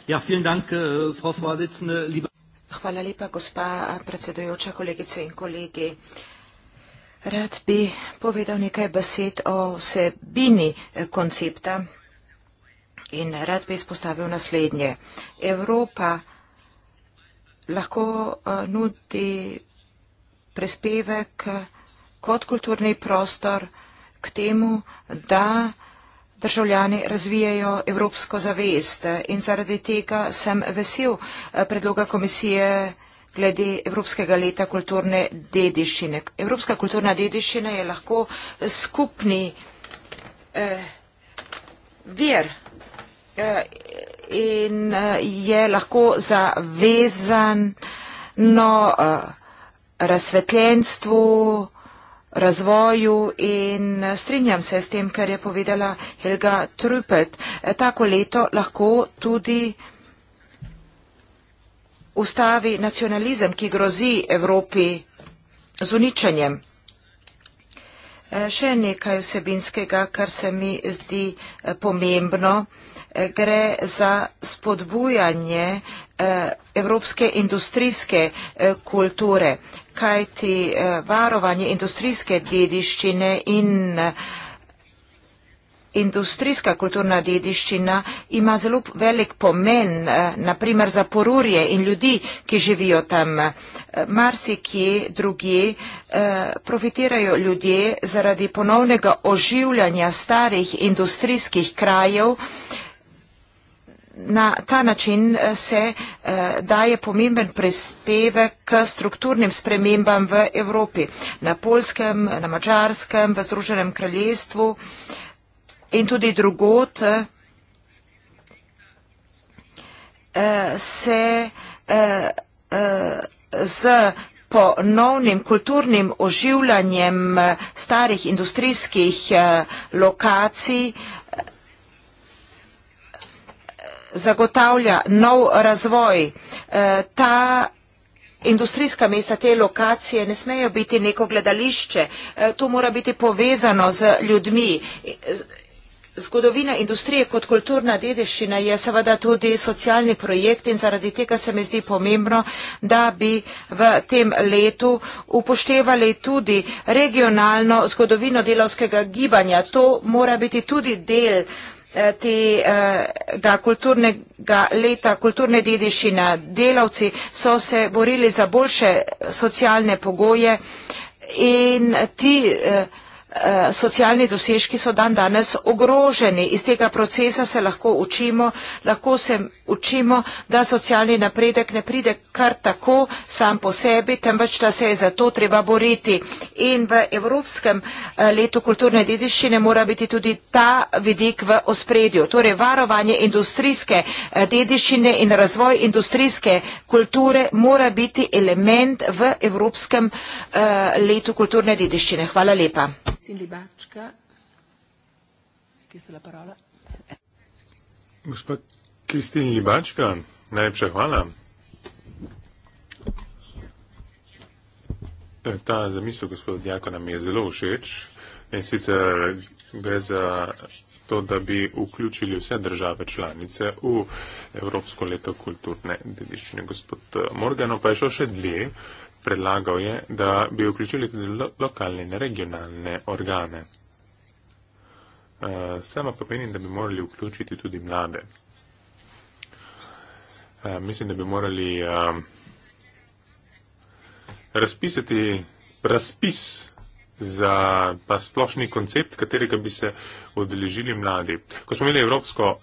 Ja, dank, äh, Hvala lepa, gospa predsedujoča, kolegice in kolegi. Rad bi povedal nekaj besed o vsebini eh, koncepta in rad bi izpostavil naslednje. Evropa lahko eh, nudi prispevek kot kulturni prostor k temu, da državljani razvijajo evropsko zavest in zaradi tega sem vesel eh, predloga komisije glede Evropskega leta kulturne dediščine. Evropska kulturna dediščina je lahko skupni eh, vir eh, in eh, je lahko zavezano eh, razsvetljenstvu, razvoju in eh, strinjam se s tem, kar je povedala Helga Trupet. Eh, tako leto lahko tudi eh, ustavi nacionalizem, ki grozi Evropi z uničenjem. E, še nekaj vsebinskega, kar se mi zdi e, pomembno, e, gre za spodbujanje evropske industrijske kulture, kajti varovanje industrijske dediščine in industrijska kulturna dediščina ima zelo velik pomen, eh, naprimer za porurje in ljudi, ki živijo tam. Eh, Marsi, ki drugi eh, profitirajo ljudje zaradi ponovnega oživljanja starih industrijskih krajev, Na ta način se daje pomemben prispevek k strukturnim spremembam v Evropi, na Polskem, na Mačarskem, v Združenem kraljestvu in tudi drugot eh, se eh, eh, z ponovnim kulturnim oživljanjem starih industrijskih lokacij zagotavlja nov razvoj. Ta industrijska mesta, te lokacije ne smejo biti neko gledališče. To mora biti povezano z ljudmi Zgodovina industrije kot kulturna dediščina je seveda tudi socialni projekt in zaradi tega se mi zdi pomembno, da bi v tem letu upoštevali tudi regionalno zgodovino delovskega gibanja. To mora biti tudi del eh, tega kulturnega leta kulturne dediščine. Delavci so se borili za boljše socialne pogoje in ti eh, Eh, socialni dosežki so dan danes ogroženi. Iz tega procesa se lahko učimo, lahko se učimo, da socialni napredek ne pride kar tako sam po sebi, temveč da se je za to treba boriti. In v Evropskem eh, letu kulturne dediščine mora biti tudi ta vidik v ospredju. Torej varovanje industrijske eh, dediščine in razvoj industrijske kulture mora biti element v Evropskem letu kulturne dediščine. Hvala lepa. Cindy Bacca, chiesto la parola. Gospod Kristin Libačka, najlepša hvala. Ta zamisel gospod Jakona mi je zelo všeč in sicer gre za to, da bi vključili vse države članice v Evropsko leto kulturne dediščine. Gospod Morgano pa je šel še dlje predlagal je, da bi vključili tudi lo lokalne in regionalne organe. Uh, sama pa menim, da bi morali vključiti tudi mlade. Uh, mislim, da bi morali uh, razpisati razpis za ta splošni koncept, katerega bi se odeležili mladi. Ko smo imeli Evropsko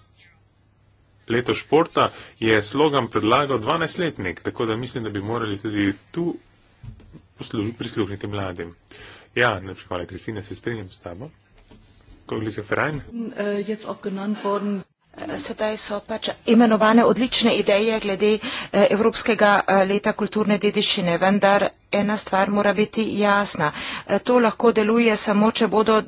leto športa, je slogan predlagal 12-letnik, tako da mislim, da bi morali tudi tu prisluhnite mladim. Ja, najprej hvala, Kristina, se strinjam s tabo. Kolega Ferajn. Eh, eh, sedaj so pač imenovane odlične ideje glede eh, Evropskega leta kulturne dediščine, vendar ena stvar mora biti jasna. To lahko deluje samo, če bodo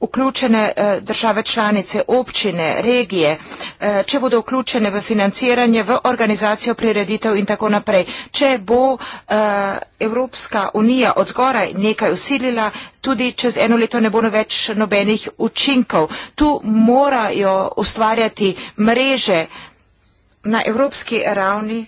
vključene eh, države članice, občine, regije, eh, če bodo vključene v financiranje, v organizacijo prireditev in tako naprej. Če bo eh, Evropska unija od zgoraj nekaj usilila, tudi čez eno leto ne bo no več nobenih učinkov. Tu morajo ustvarjati mreže na evropski ravni,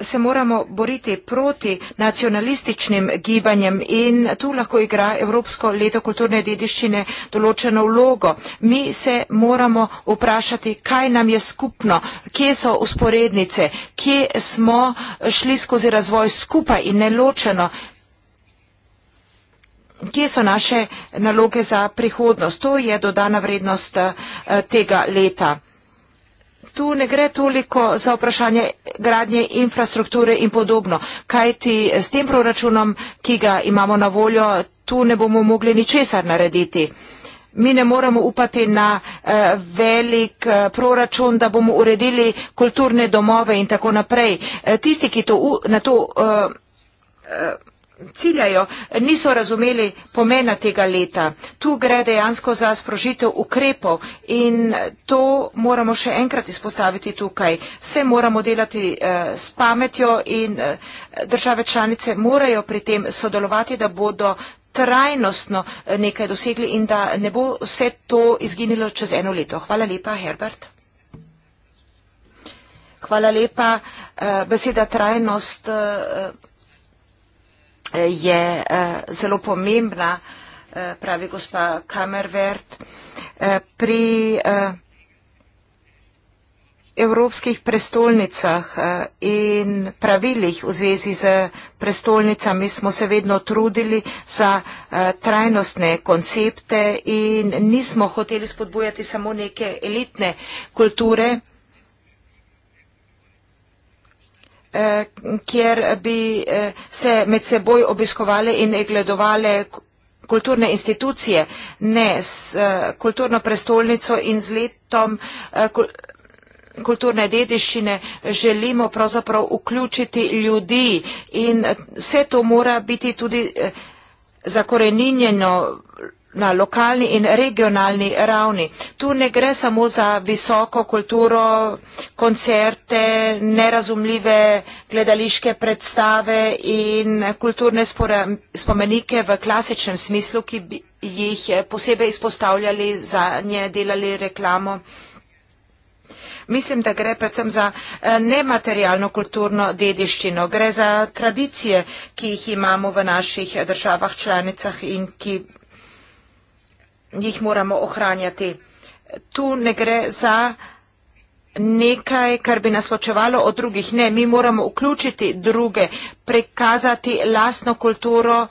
se moramo boriti proti nacionalističnim gibanjem in tu lahko igra Evropsko leto kulturne dediščine določeno vlogo. Mi se moramo vprašati, kaj nam je skupno, kje so usporednice, kje smo šli skozi razvoj skupaj in neločeno, kje so naše naloge za prihodnost. To je dodana vrednost eh, tega leta tu ne gre toliko za vprašanje gradnje infrastrukture in podobno, kajti s tem proračunom, ki ga imamo na voljo, tu ne bomo mogli ničesar narediti. Mi ne moremo upati na eh, velik eh, proračun, da bomo uredili kulturne domove in tako naprej. Eh, tisti, ki to, na to. Eh, eh, ciljajo, niso razumeli pomena tega leta. Tu gre dejansko za sprožitev ukrepov in to moramo še enkrat izpostaviti tukaj. Vse moramo delati eh, s pametjo in eh, države članice morajo pri tem sodelovati, da bodo trajnostno eh, nekaj dosegli in da ne bo vse to izginilo čez eno leto. Hvala lepa, Herbert. Hvala lepa. Eh, beseda trajnost. Eh, je eh, zelo pomembna, eh, pravi gospa Kamervert, eh, pri evropskih prestolnicah in pravilih v zvezi z prestolnicami smo se vedno trudili za trajnostne koncepte in nismo hoteli spodbujati samo neke elitne kulture, Eh, kjer bi eh, se med seboj obiskovale in gledovale kulturne institucije, ne s eh, kulturno prestolnico in z letom kulturne dediščine želimo pravzaprav vključiti ljudi in vse to mora biti tudi zakoreninjeno na lokalni in regionalni ravni. Tu ne gre samo za visoko kulturo, koncerte, nerazumljive gledališke predstave in kulturne spomenike v klasičnem smislu, ki bi jih posebej izpostavljali, za nje delali reklamo. Mislim, da gre predvsem za eh, nematerialno kulturno dediščino, gre za tradicije, ki jih imamo v naših državah članicah in ki jih moramo ohranjati. Tu ne gre za nekaj, kar bi nas ločevalo od drugih. Ne, mi moramo vključiti druge, prikazati lastno kulturo,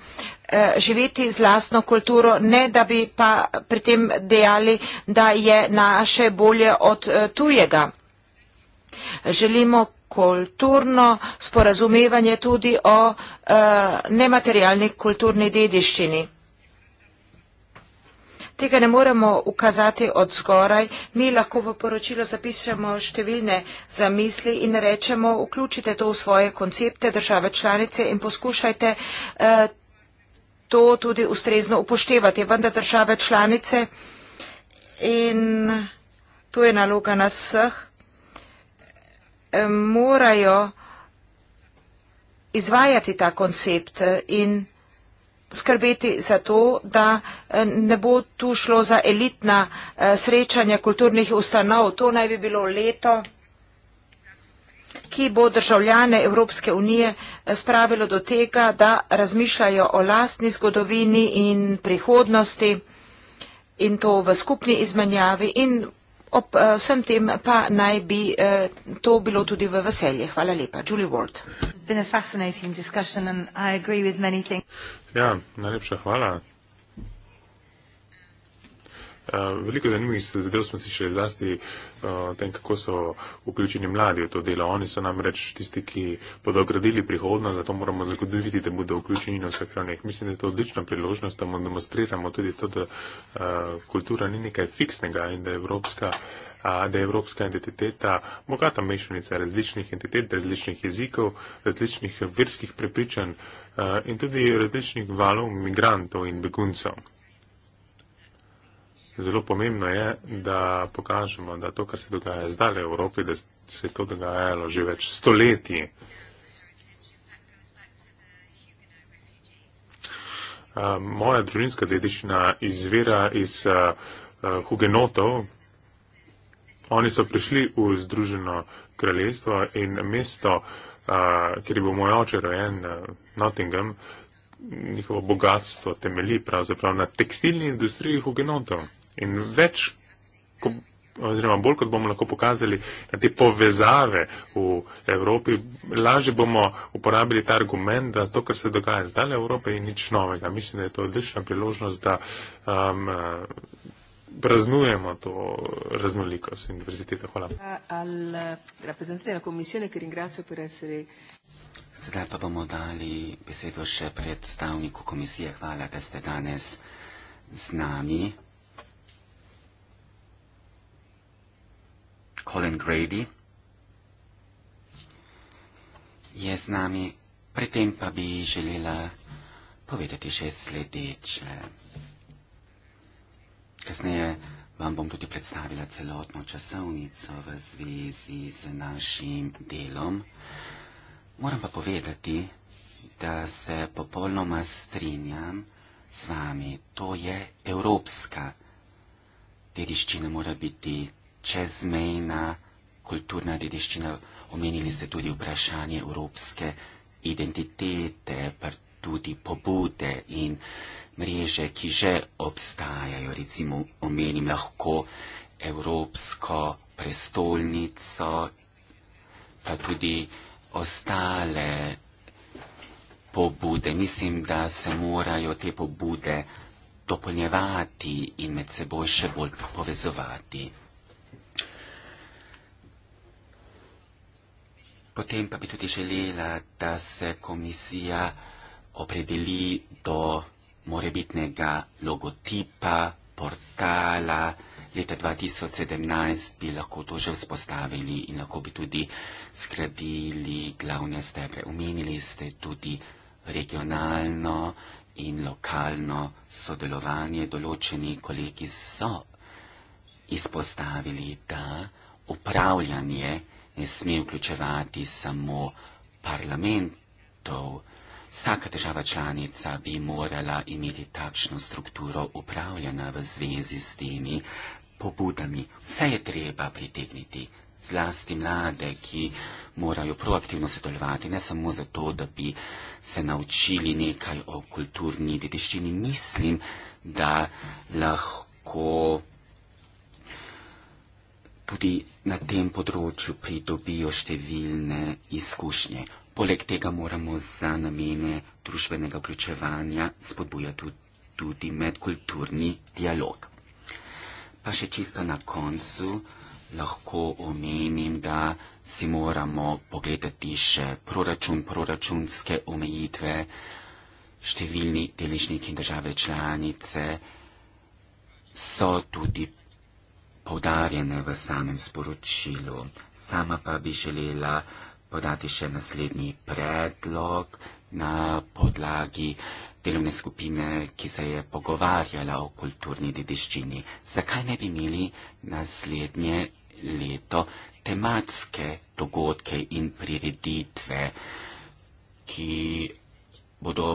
eh, živeti z lastno kulturo, ne da bi pa pri tem dejali, da je naše bolje od eh, tujega. Želimo kulturno sporazumevanje tudi o eh, nematerialni kulturni dediščini. Tega ne moremo ukazati od zgoraj. Mi lahko v poročilo zapisujemo številne zamisli in rečemo, vključite to v svoje koncepte države članice in poskušajte eh, to tudi ustrezno upoštevati. Vendar države članice in to je naloga nas vseh, eh, morajo izvajati ta koncept in izvajati skrbeti za to, da eh, ne bo tu šlo za elitna eh, srečanja kulturnih ustanov. To naj bi bilo leto, ki bo državljane Evropske unije eh, spravilo do tega, da razmišljajo o lastni zgodovini in prihodnosti in to v skupni izmenjavi in Ob eh, vsem tem pa naj bi eh, to bilo tudi v veselje. Hvala lepa. Julie Ward. Ja, najlepša hvala. Eh, veliko zanimivih zadev smo si še zlasti eh, o uh, tem, kako so vključeni mladi v to delo. Oni so namreč tisti, ki bodo gradili prihodnost, zato moramo zagotoviti, da bodo vključeni na vseh ravneh. Mislim, da je to odlična priložnost, da mu demonstriramo tudi to, da uh, kultura ni nekaj fiksnega in da je evropska. A, da je evropska identiteta bogata mešanica različnih identitet, različnih jezikov, različnih verskih prepričanj in tudi različnih valov migrantov in beguncev zelo pomembno je, da pokažemo, da to, kar se dogaja zdaj v Evropi, da se je to dogajalo že več stoletij. Moja družinska dediščina izvira iz hugenotov. Oni so prišli v Združeno kraljestvo in mesto, kjer je bil moj oče rojen, Nottingham, njihovo bogatstvo temelji pravzaprav na tekstilni industriji hugenotov. In več, ko, oziroma bolj kot bomo lahko pokazali na te povezave v Evropi, lažje bomo uporabili ta argument, da to, kar se dogaja zdaj v Evropi, je nič novega. Mislim, da je to odlična priložnost, da um, eh, praznujemo to raznolikost in diverziteto. Hvala. Sedaj pa bomo dali besedo še predstavniku komisije. Hvala, da ste danes z nami. Colin Grady. Je z nami, pri tem pa bi želela povedati še sledeče. Kasneje vam bom tudi predstavila celotno časovnico v zvezi z našim delom. Moram pa povedati, da se popolnoma strinjam z vami. To je evropska dediščina, mora biti čezmejna kulturna dediščina. Omenili ste tudi vprašanje evropske identitete, pa tudi pobude in mreže, ki že obstajajo. Recimo, omenim lahko Evropsko prestolnico, pa tudi ostale pobude. Mislim, da se morajo te pobude dopolnjevati in med seboj še bolj povezovati. Potem pa bi tudi želela, da se komisija opredeli do morebitnega logotipa, portala. Leta 2017 bi lahko to že vzpostavili in lahko bi tudi skradili glavne stebre. Umenili ste tudi regionalno in lokalno sodelovanje. Določeni kolegi so izpostavili, da upravljanje ne sme vključevati samo parlamentov. Vsaka država članica bi morala imeti takšno strukturo upravljena v zvezi s temi pobudami. Vse je treba pritegniti, zlasti mlade, ki morajo proaktivno sodelovati, ne samo zato, da bi se naučili nekaj o kulturni dediščini. Mislim, da lahko tudi na tem področju pridobijo številne izkušnje. Poleg tega moramo za namene družbenega vključevanja spodbujati tudi medkulturni dialog. Pa še čisto na koncu lahko omenim, da si moramo pogledati še proračun, proračunske omejitve, številni deležniki države članice so tudi poudarjene v samem sporočilu. Sama pa bi želela podati še naslednji predlog na podlagi delovne skupine, ki se je pogovarjala o kulturni dediščini. Zakaj ne bi imeli naslednje leto tematske dogodke in prireditve, ki bodo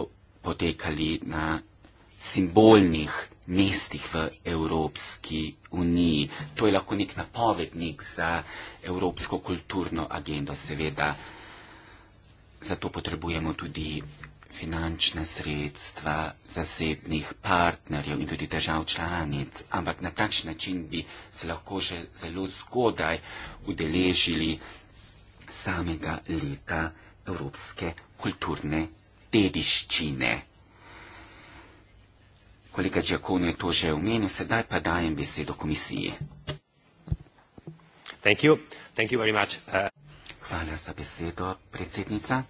potekali na simbolnih mestih v Evropski uniji. To je lahko nek napovednik za evropsko kulturno agendo, seveda. Zato potrebujemo tudi finančna sredstva zasebnih partnerjev in tudi držav članic. Ampak na takšen način bi se lahko že zelo zgodaj udeležili samega leta Evropske kulturne dediščine. Kolega Džakon je to že omenil, sedaj pa dajem besedo komisiji. Thank you. Thank you uh... Hvala za besedo, predsednica.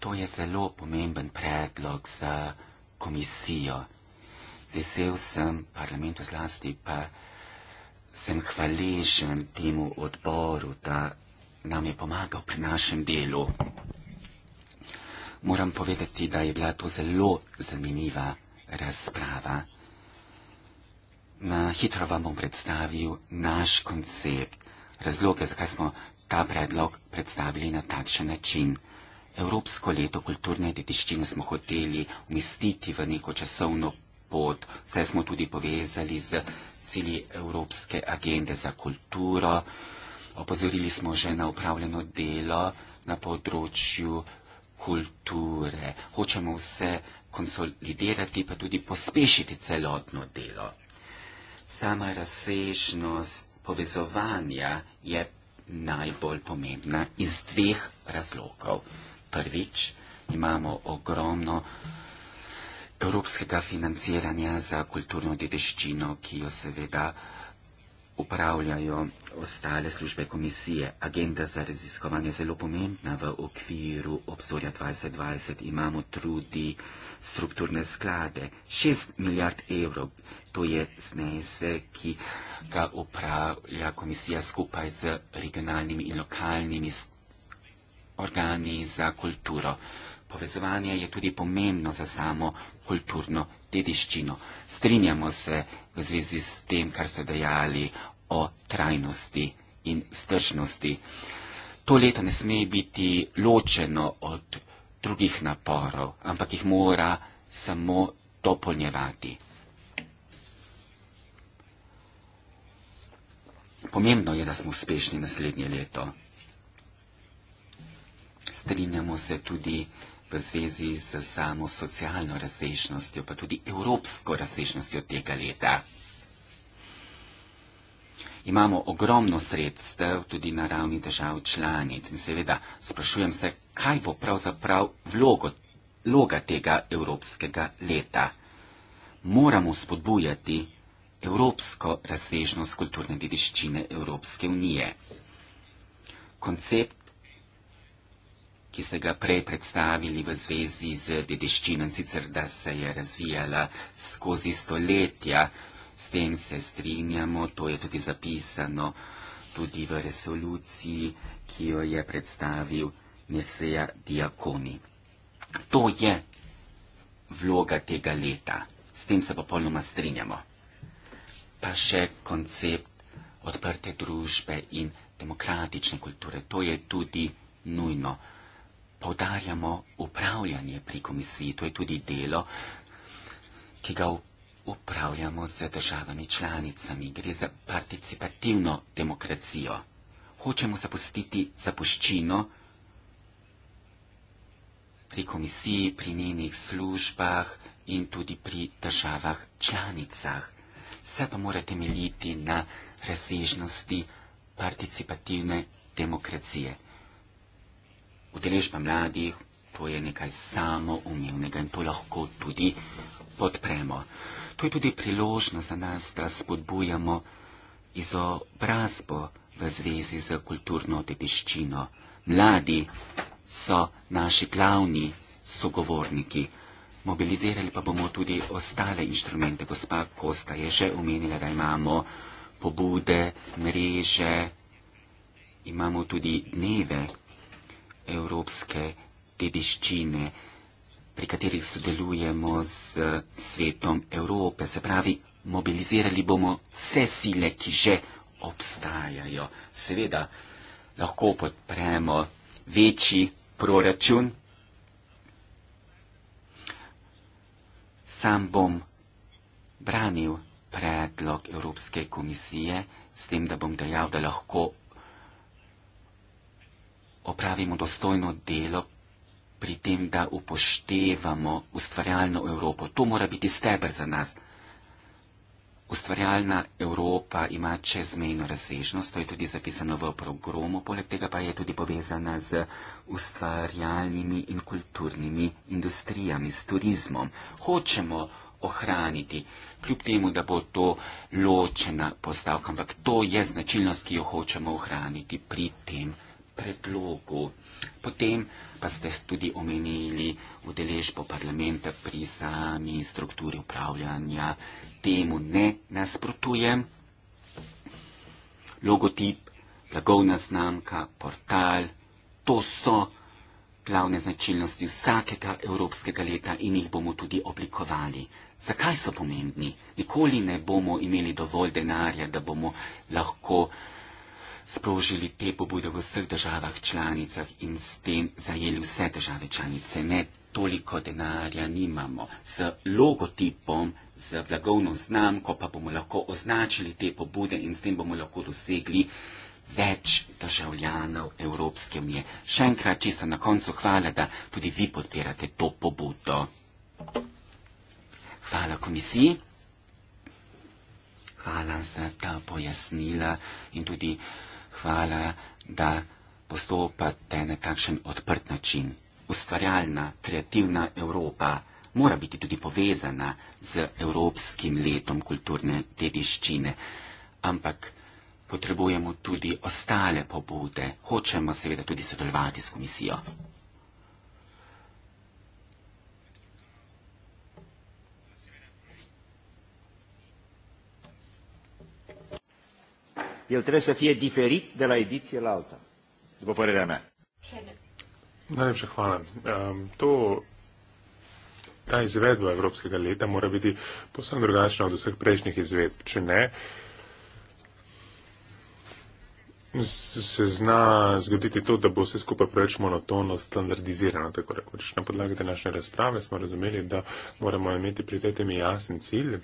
To je zelo pomemben predlog za komisijo. Vesel sem parlamentu zlasti, pa sem hvaležen temu odboru, da nam je pomagal pri našem delu. Moram povedati, da je bila to zelo zanimiva razprava. Na hitro vam bom predstavil naš koncept, razloge, zakaj smo ta predlog predstavili na takšen način. Evropsko leto kulturne dediščine smo hoteli umestiti v neko časovno pot, vse smo tudi povezali z cilji Evropske agende za kulturo. Opozorili smo že na upravljeno delo na področju kulture. Hočemo vse konsolidirati, pa tudi pospešiti celotno delo. Sama razsežnost povezovanja je najbolj pomembna iz dveh razlogov. Prvič, imamo ogromno evropskega financiranja za kulturno dediščino, ki jo seveda upravljajo ostale službe komisije. Agenda za raziskovanje je zelo pomembna v okviru obzorja 2020. Imamo trudi, strukturne sklade, 6 milijard evrov. To je znesek, ki ga upravlja komisija skupaj z regionalnimi in lokalnimi organi za kulturo. Povezovanje je tudi pomembno za samo kulturno dediščino. Strinjamo se v zvezi s tem, kar ste dejali o trajnosti in stršnosti. To leto ne sme biti ločeno od drugih naporov, ampak jih mora samo dopolnjevati. Pomembno je, da smo uspešni naslednje leto. Strinjamo se tudi v zvezi z samo socialno razsežnostjo, pa tudi evropsko razsežnostjo tega leta. Imamo ogromno sredstev tudi na ravni držav članic in seveda sprašujem se, kaj bo pravzaprav vlogo, vloga tega evropskega leta. Moramo spodbujati evropsko razsežnost kulturne dediščine Evropske unije. Koncept, ki ste ga prej predstavili v zvezi z dediščino, sicer da se je razvijala skozi stoletja, S tem se strinjamo, to je tudi zapisano tudi v resoluciji, ki jo je predstavil Meseja Diakoni. To je vloga tega leta. S tem se popolnoma strinjamo. Pa še koncept odprte družbe in demokratične kulture. To je tudi nujno. Podarjamo upravljanje pri komisiji. To je tudi delo, ki ga upravljamo upravljamo z državami članicami, gre za participativno demokracijo. Hočemo zapustiti zapuščino pri komisiji, pri njenih službah in tudi pri državah članicah. Vse pa mora temeljiti na razsežnosti participativne demokracije. Udeležba mladih, to je nekaj samoumevnega in to lahko tudi podpremo. To je tudi priložnost za nas, da spodbujamo izobrazbo v zvezi z kulturno dediščino. Mladi so naši glavni sogovorniki. Mobilizirali pa bomo tudi ostale inštrumente. Gospa Kosta je že omenila, da imamo pobude, mreže, imamo tudi dneve evropske dediščine pri katerih sodelujemo z svetom Evrope. Se pravi, mobilizirali bomo vse sile, ki že obstajajo. Seveda lahko podpremo večji proračun. Sam bom branil predlog Evropske komisije s tem, da bom dejal, da lahko opravimo dostojno delo pri tem, da upoštevamo ustvarjalno Evropo. To mora biti stebr za nas. Ustvarjalna Evropa ima čezmejno razsežnost, to je tudi zapisano v programu, poleg tega pa je tudi povezana z ustvarjalnimi in kulturnimi industrijami, s turizmom. Hočemo ohraniti, kljub temu, da bo to ločena postavka, ampak to je značilnost, ki jo hočemo ohraniti pri tem predlogu. Potem pa ste tudi omenili udeležbo parlamenta pri sami strukturi upravljanja. Temu ne nasprotujem. Logotip, blagovna znamka, portal, to so glavne značilnosti vsakega evropskega leta in jih bomo tudi oblikovali. Zakaj so pomembni? Nikoli ne bomo imeli dovolj denarja, da bomo lahko sprožili te pobude v vseh državah članicah in s tem zajeli vse države članice. Ne toliko denarja nimamo. Z logotipom, z blagovno znamko pa bomo lahko označili te pobude in s tem bomo lahko dosegli več državljanov Evropske unije. Še enkrat čisto na koncu hvala, da tudi vi podpirate to pobudo. Hvala komisiji. Hvala za ta pojasnila in tudi hvala, da postopate na takšen odprt način. Ustvarjalna, kreativna Evropa mora biti tudi povezana z Evropskim letom kulturne dediščine, ampak potrebujemo tudi ostale pobude. Hočemo seveda tudi sodelovati s komisijo. el trebuie să fie diferit de la ediție la alta, după părerea mea. Najlepša hvala. Um, to, ta izvedba Evropskega leta mora biti posebno drugačna od vseh prejšnjih izved. Če ne, se zna zgoditi to, da bo vse skupaj preveč monotono, standardizirano, tako rekoč. Na podlagi današnje razprave smo razumeli, da moramo imeti pri tej temi jasen cilj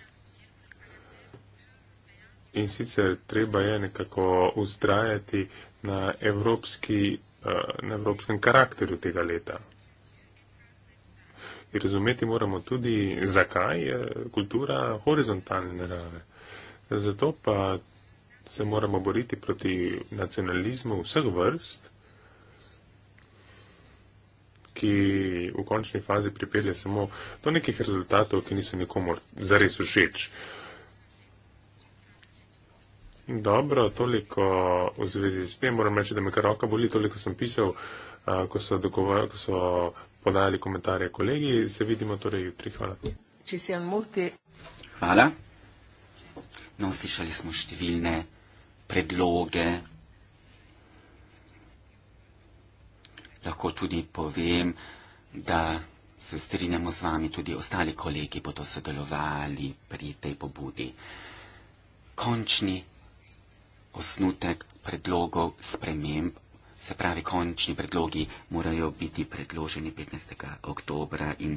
in sicer treba je nekako ustrajati na, evropski, eh, na evropskem karakteru tega leta. In razumeti moramo tudi, zakaj je kultura horizontalne narave. Zato pa se moramo boriti proti nacionalizmu vseh vrst, ki v končni fazi pripelje samo do nekih rezultatov, ki niso nikomu zares všeč. Uh, Dobro, toliko v zvezi s tem moram reči, da me kar roka boli, toliko sem pisal, ko so, dogovor, ko so podali komentarje kolegi. Se vidimo torej jutri. Hvala. Če si en multi. Hvala. No, slišali smo številne predloge. Lahko tudi povem, da se strinjamo z vami, tudi ostali kolegi bodo sodelovali pri tej pobudi. Končni osnutek predlogov sprememb, se pravi, končni predlogi morajo biti predloženi 15. oktobra in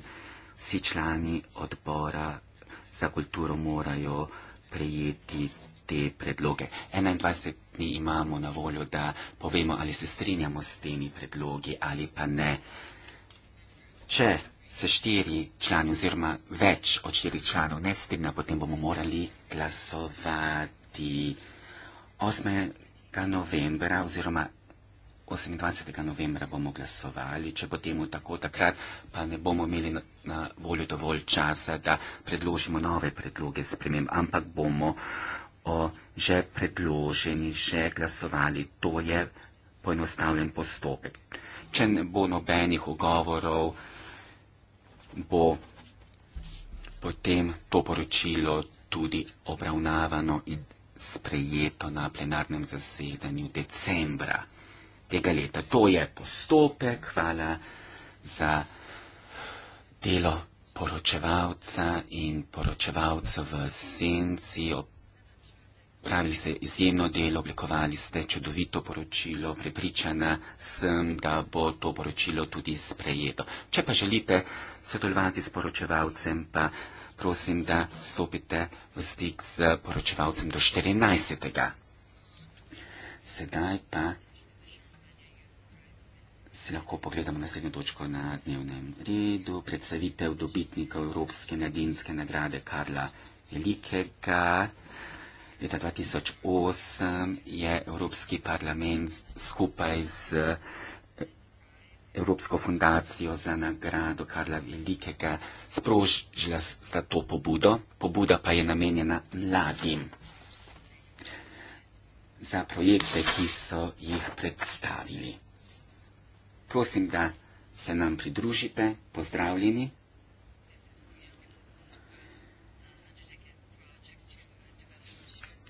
vsi člani odbora za kulturo morajo prejeti te predloge. 21 dni imamo na voljo, da povemo, ali se strinjamo s temi predlogi ali pa ne. Če se štiri člani oziroma več od štirih članov ne strinja, potem bomo morali glasovati. 8. novembra oziroma 28. novembra bomo glasovali, če bo temu tako takrat, pa ne bomo imeli na, na voljo dovolj časa, da predložimo nove predloge sprememb, ampak bomo o, že predloženi, že glasovali. To je poenostavljen postopek. Če ne bo nobenih ogovorov, bo potem to poročilo tudi obravnavano in sprejeto na plenarnem zasedanju decembra tega leta. To je postopek, hvala za delo poročevalca in poročevalca v senci. Pravili ste izjemno delo, oblikovali ste čudovito poročilo, prepričana sem, da bo to poročilo tudi sprejeto. Če pa želite sodelovati s poročevalcem, pa prosim, da stopite v stik z poročevalcem do 14. Sedaj pa si lahko pogledamo naslednjo točko na dnevnem redu. Predstavitev dobitnika Evropske mladinske nagrade Karla Velikega. Leta 2008 je Evropski parlament skupaj z Evropsko fundacijo za nagrado Karla Velikega sprožila za to pobudo. Pobuda pa je namenjena mladim za projekte, ki so jih predstavili. Prosim, da se nam pridružite. Pozdravljeni.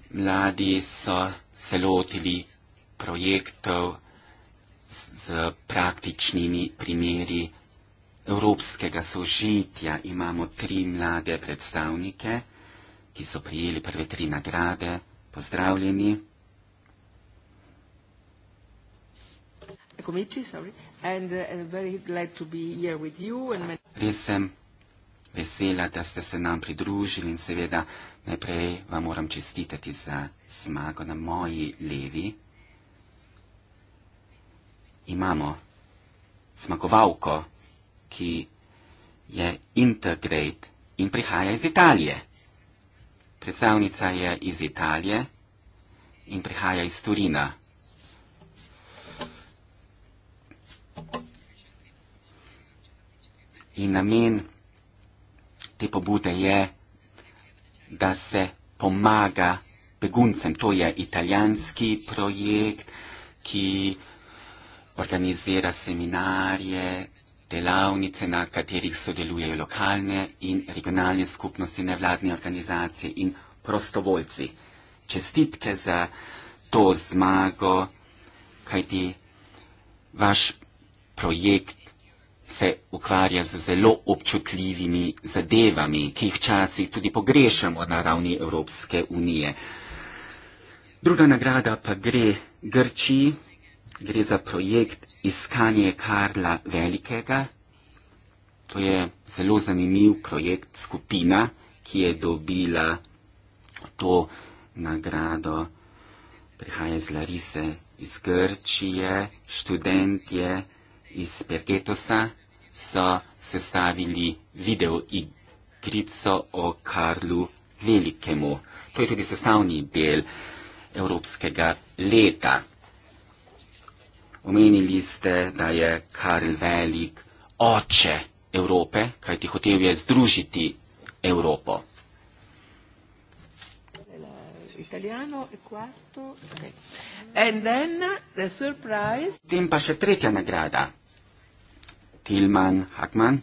Mladi so se lotili projektov, z praktičnimi primeri evropskega sožitja. Imamo tri mlade predstavnike, ki so prijeli prve tri nagrade. Pozdravljeni. Uh, Res sem vesela, da ste se nam pridružili in seveda najprej vam moram čestitati za zmago na moji levi imamo smakovalko, ki je Integrate in prihaja iz Italije. Predstavnica je iz Italije in prihaja iz Turina. In namen te pobude je, da se pomaga beguncem. To je italijanski projekt, ki organizira seminarije, delavnice, na katerih sodelujejo lokalne in regionalne skupnosti, nevladne organizacije in prostovoljci. Čestitke za to zmago, kajti vaš projekt se ukvarja z zelo občutljivimi zadevami, ki jih včasih tudi pogrešamo na ravni Evropske unije. Druga nagrada pa gre Grčiji, gre za projekt Iskanje Karla Velikega. To je zelo zanimiv projekt, skupina, ki je dobila to nagrado. Prihaja iz Larise iz Grčije, študentje iz Pergetosa so sestavili video igrico o Karlu Velikemu. To je tudi sestavni del Evropskega leta. Omenili ste, da je Karl Velik oče Evrope, kajti hotel je združiti Evropo. E Potem pa še tretja nagrada. Tilman Hakman.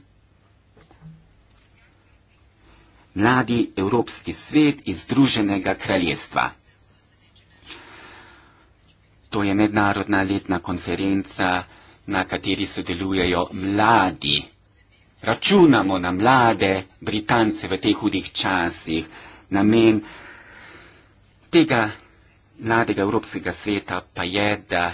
Mladi evropski svet iz Združenega kraljestva. To je mednarodna letna konferenca, na kateri sodelujejo mladi. Računamo na mlade Britance v teh hudih časih. Namen tega mladega Evropskega sveta pa je, da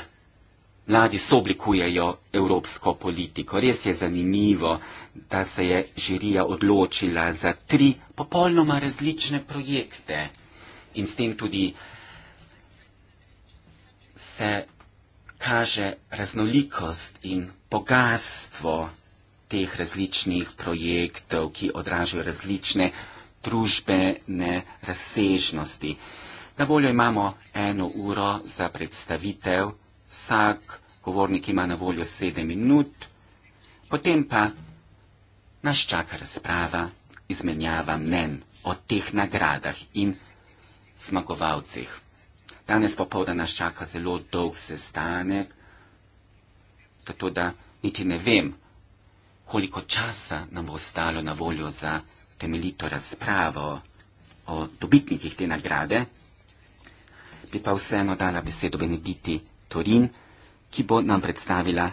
mladi sooblikujejo evropsko politiko. Res je zanimivo, da se je žirija odločila za tri popolnoma različne projekte in s tem tudi se kaže raznolikost in bogatstvo teh različnih projektov, ki odražajo različne družbene razsežnosti. Na voljo imamo eno uro za predstavitev, vsak govornik ima na voljo sedem minut, potem pa nas čaka razprava, izmenjava mnen o teh nagradah in zmagovalcih danes popovdne nas čaka zelo dolg sestanek, tako da niti ne vem, koliko časa nam bo ostalo na voljo za temeljito razpravo o dobitnikih te nagrade. Bi pa vseeno dala besedo Benediti Torin, ki bo nam predstavila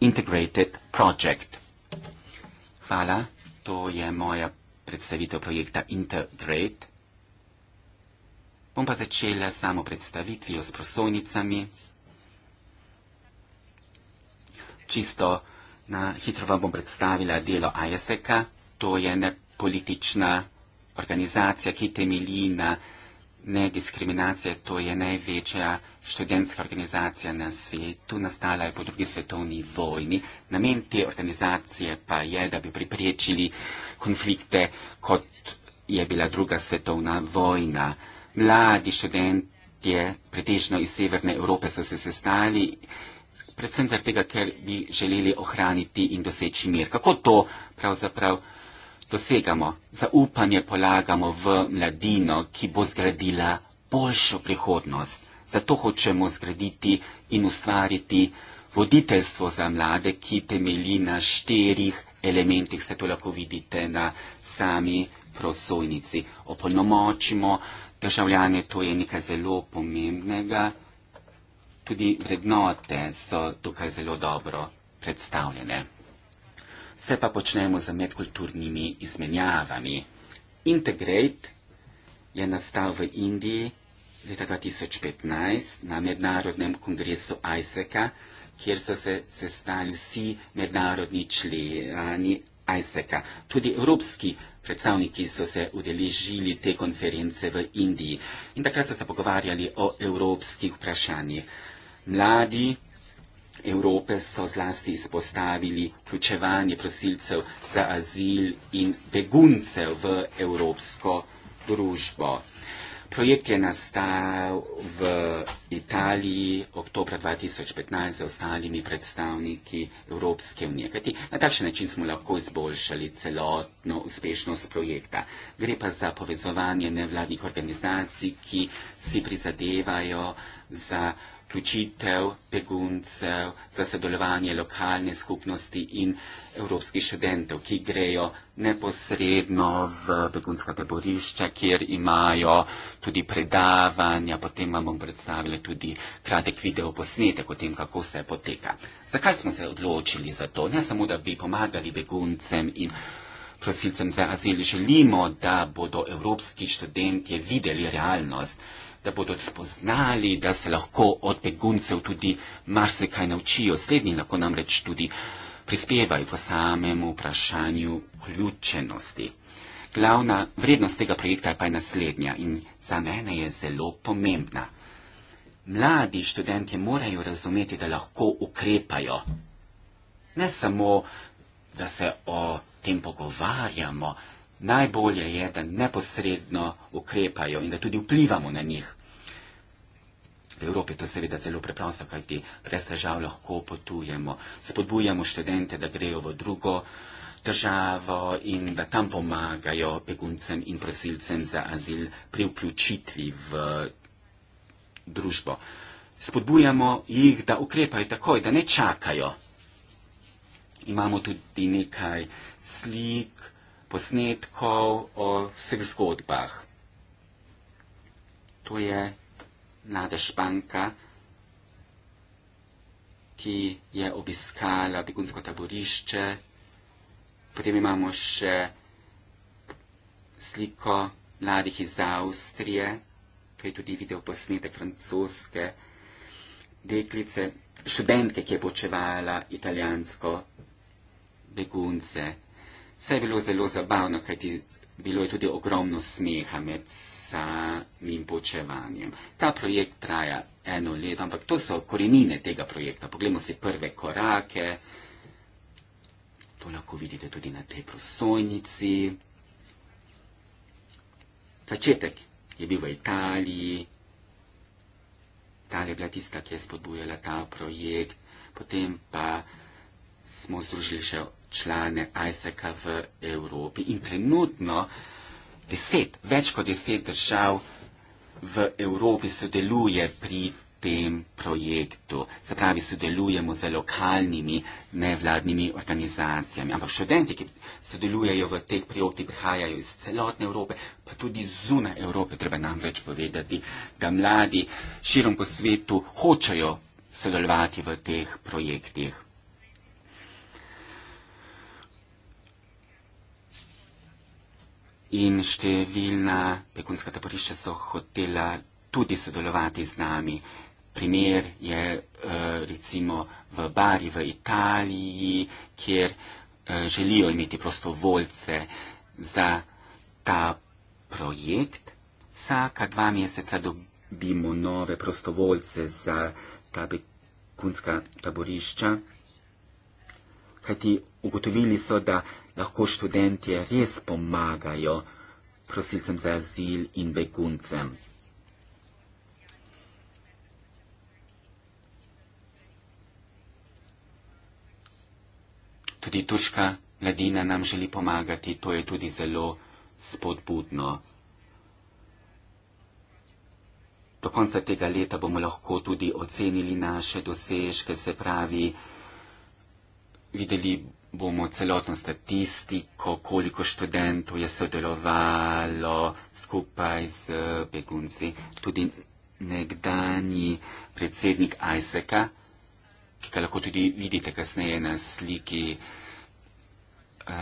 Integrated Project. Hvala, to je moja predstavitev projekta Integrate. Bom pa začela samo predstavitvijo s prosojnicami. Čisto na hitro vam bom predstavila delo ISEC. To je nepolitična organizacija, ki temelji na nediskriminacije. To je največja študentska organizacija na svetu. Nastala je po drugi svetovni vojni. Namen te organizacije pa je, da bi preprečili konflikte, kot je bila druga svetovna vojna mladi študentje, pretežno iz Severne Evrope, so se sestali, predvsem zato, ker bi želeli ohraniti in doseči mir. Kako to pravzaprav dosegamo? Zaupanje polagamo v mladino, ki bo zgradila boljšo prihodnost. Zato hočemo zgraditi in ustvariti voditeljstvo za mlade, ki temelji na štirih elementih, se to lahko vidite na sami prosojnici. Opolnomočimo državljane to je nekaj zelo pomembnega. Tudi vrednote so tukaj zelo dobro predstavljene. Vse pa počnemo z medkulturnimi izmenjavami. Integrate je nastal v Indiji leta 2015 na mednarodnem kongresu ISEC-a, kjer so se sestali vsi mednarodni člani ISEC-a. Tudi evropski predstavniki so se udeležili te konference v Indiji in takrat so se pogovarjali o evropskih vprašanjih. Mladi Evrope so zlasti izpostavili vključevanje prosilcev za azil in beguncev v evropsko družbo projekt je nastal v Italiji oktobra 2015 z ostalimi predstavniki Evropske unije. Kajti na takšen način smo lahko izboljšali celotno uspešnost projekta. Gre pa za povezovanje nevladnih organizacij, ki si prizadevajo za vključitev beguncev za sodelovanje lokalne skupnosti in evropskih študentov, ki grejo neposredno v begunska taborišča, kjer imajo tudi predavanja. Potem vam bom predstavila tudi kratek video posnetek o tem, kako se poteka. Zakaj smo se odločili za to? Ne samo, da bi pomagali beguncem in prosilcem za azil, želimo, da bodo evropski študentje videli realnost da bodo spoznali, da se lahko od beguncev tudi marsikaj naučijo. Srednji lahko namreč tudi prispevajo k samemu vprašanju vključenosti. Glavna vrednost tega projekta je pa je naslednja in za mene je zelo pomembna. Mladi študentje morajo razumeti, da lahko ukrepajo. Ne samo, da se o tem pogovarjamo, najbolje je, da neposredno ukrepajo in da tudi vplivamo na njih. V Evropi je to seveda zelo preprosto, kajti brez težav lahko potujemo. Spodbujamo študente, da grejo v drugo državo in da tam pomagajo peguncem in prosilcem za azil pri vključitvi v družbo. Spodbujamo jih, da ukrepajo takoj, da ne čakajo. Imamo tudi nekaj slik, posnetkov o vseh zgodbah. To je mlada španka, ki je obiskala begunsko taborišče. Potem imamo še sliko mladih iz Avstrije, ki je tudi videl posnetek francoske deklice, študentke, ki je počevala italijansko begunce. Vse je bilo zelo zabavno, kajti bilo je tudi ogromno smeha med samim počevanjem. Ta projekt traja eno leto, ampak to so korenine tega projekta. Poglejmo si prve korake. To lahko vidite tudi na tej prosojnici. Začetek je bil v Italiji. Italija je bila tista, ki je spodbujala ta projekt. Potem pa smo združili še člane ISAK v Evropi in trenutno deset, več kot deset držav v Evropi sodeluje pri tem projektu. Se pravi, sodelujemo z lokalnimi nevladnimi organizacijami. Ampak študenti, ki sodelujejo v teh projektih, prihajajo iz celotne Evrope, pa tudi zunaj Evrope. Treba nam več povedati, da mladi širom po svetu hočejo sodelovati v teh projektih. in številna begunska taborišča so hotela tudi sodelovati z nami. Primer je eh, recimo v Bari v Italiji, kjer eh, želijo imeti prostovoljce za ta projekt. Vsaka dva meseca dobimo nove prostovoljce za ta begunska taborišča. Kajti ugotovili so, da lahko študentje res pomagajo prosilcem za azil in beguncem. Tudi turška mladina nam želi pomagati, to je tudi zelo spodbudno. Do konca tega leta bomo lahko tudi ocenili naše dosežke, se pravi, videli bomo celotno statistiko, koliko študentov je sodelovalo skupaj z eh, begunci. Tudi nekdani predsednik Isaaca, ki ga lahko tudi vidite kasneje na sliki uh,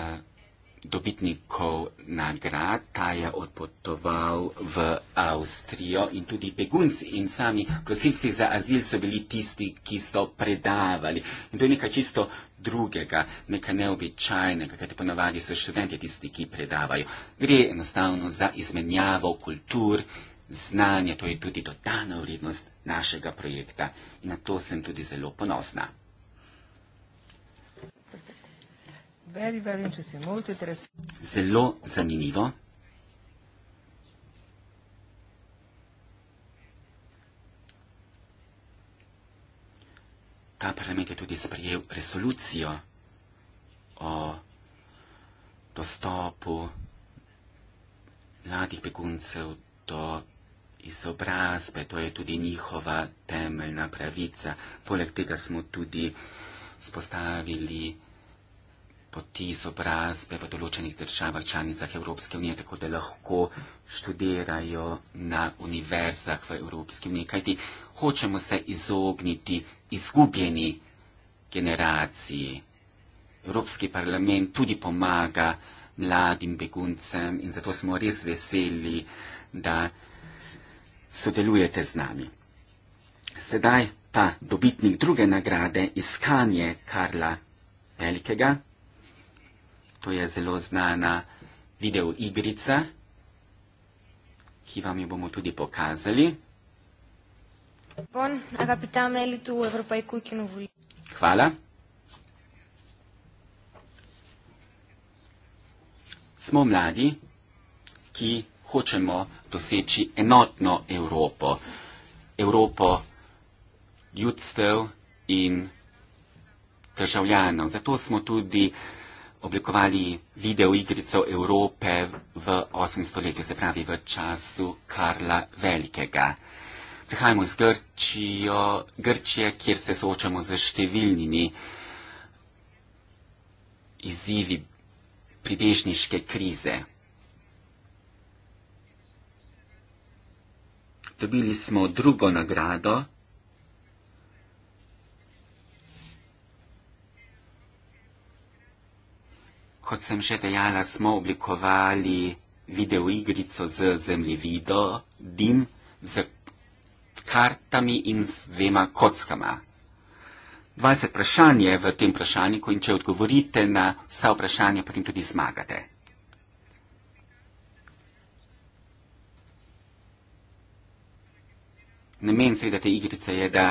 dobitnikov nagrad, ta je odpotoval v Avstrijo in tudi begunci in sami prosilci za azil so bili tisti, ki so predavali. In to je nekaj čisto drugega, nekaj neobičajnega, kajti ponavadi so študenti tisti, ki predavajo. Gre enostavno za izmenjavo kultur, znanja, to je tudi dodana vrednost našega projekta in na to sem tudi zelo ponosna. Very, very zelo zanimivo. ta parlament je tudi sprejel resolucijo o dostopu mladih beguncev do izobrazbe. To je tudi njihova temeljna pravica. Poleg tega smo tudi spostavili poti izobrazbe v določenih državah članicah Evropske unije, tako da lahko študirajo na univerzah v Evropski uniji. Kajti hočemo se izogniti izgubljeni generaciji. Evropski parlament tudi pomaga mladim beguncem in zato smo res veseli, da sodelujete z nami. Sedaj pa dobitnik druge nagrade, iskanje Karla Velikega. To je zelo znana videoigrica, ki vam jo bomo tudi pokazali. Japón, a capitán Melitu, Europa y Cuyo Novuli. Hvala. Smo mladi, ki hočemo doseči enotno Evropo. Evropo ljudstev in državljanov. Zato smo tudi oblikovali video igrico Evrope v 800 letih, se pravi v času Karla Velikega. Prihajamo iz Grčijo, Grčije, kjer se soočamo z številnimi izzivi pribežniške krize. Dobili smo drugo nagrado. Kot sem že dejala, smo oblikovali videoigrico z zemljevido, dim, za kartami in s dvema kockama. 20 vprašanj je v tem vprašalniku in če odgovorite na vsa vprašanja, potem tudi zmagate. Namen seveda te igrice je, da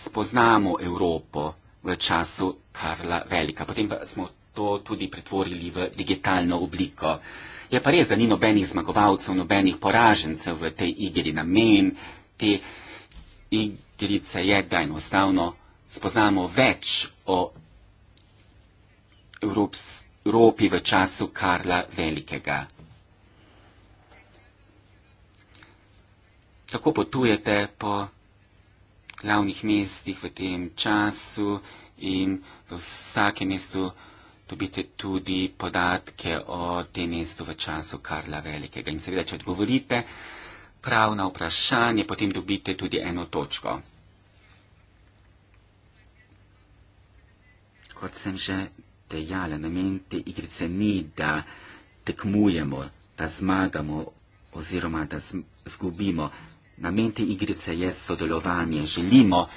spoznamo Evropo v času Karla Velika. Potem pa smo to tudi pretvorili v digitalno obliko. Je pa res, da ni nobenih zmagovalcev, nobenih poražencev v tej igri. Namen te igrice je, da enostavno spoznamo več o Evropi v času Karla Velikega. Tako potujete po glavnih mestih v tem času in v vsakem mestu dobite tudi podatke o tem mestu v času Karla Velikega. In seveda, če odgovorite, prav na vprašanje, potem dobite tudi eno točko. Kot sem že dejala, namen te igrice ni, da tekmujemo, da zmagamo oziroma da zgubimo. Namen te igrice je sodelovanje. Želimo,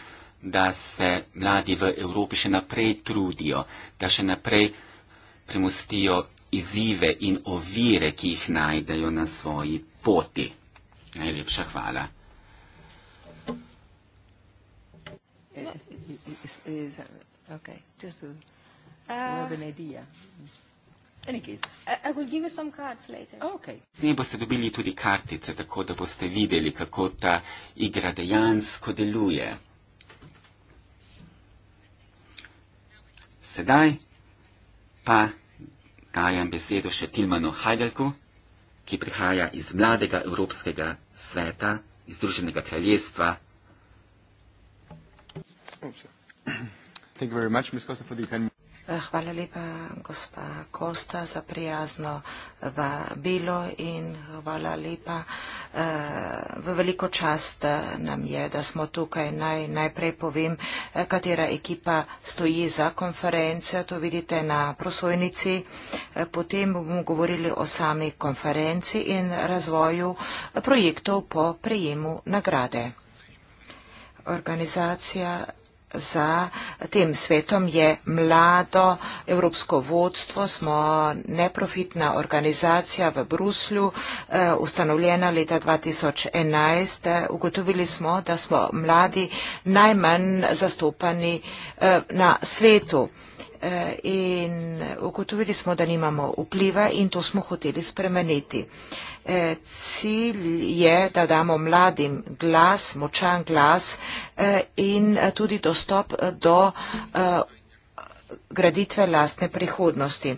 da se mladi v Evropi še naprej trudijo, da še naprej premustijo izzive in ovire, ki jih najdejo na svoji poti. Najlepša hvala. No, S uh, uh, oh, njim boste dobili tudi kartice, tako da boste videli, kako ta igra dejansko deluje. Sedaj pa dajem besedo še Tilmanu Heidelku, ki prihaja iz mladega evropskega sveta izdruženega kraljestva. Thank you very much, Ms. Costa, for the attendance. Hvala lepa, gospa Kosta, za prijazno vabilo in hvala lepa. Eh, v veliko čast eh, nam je, da smo tukaj. Naj, najprej povem, eh, katera ekipa stoji za konference. To vidite na prosojnici. Potem bomo govorili o sami konferenci in razvoju projektov po prejemu nagrade. Organizacija za tem svetom je mlado evropsko vodstvo, smo neprofitna organizacija v Bruslju, eh, ustanovljena leta 2011. Eh, ugotovili smo, da smo mladi najmanj zastopani eh, na svetu in ugotovili smo, da nimamo vpliva in to smo hoteli spremeniti. E, cilj je, da damo mladim glas, močan glas e, in tudi dostop do e, graditve lastne prihodnosti.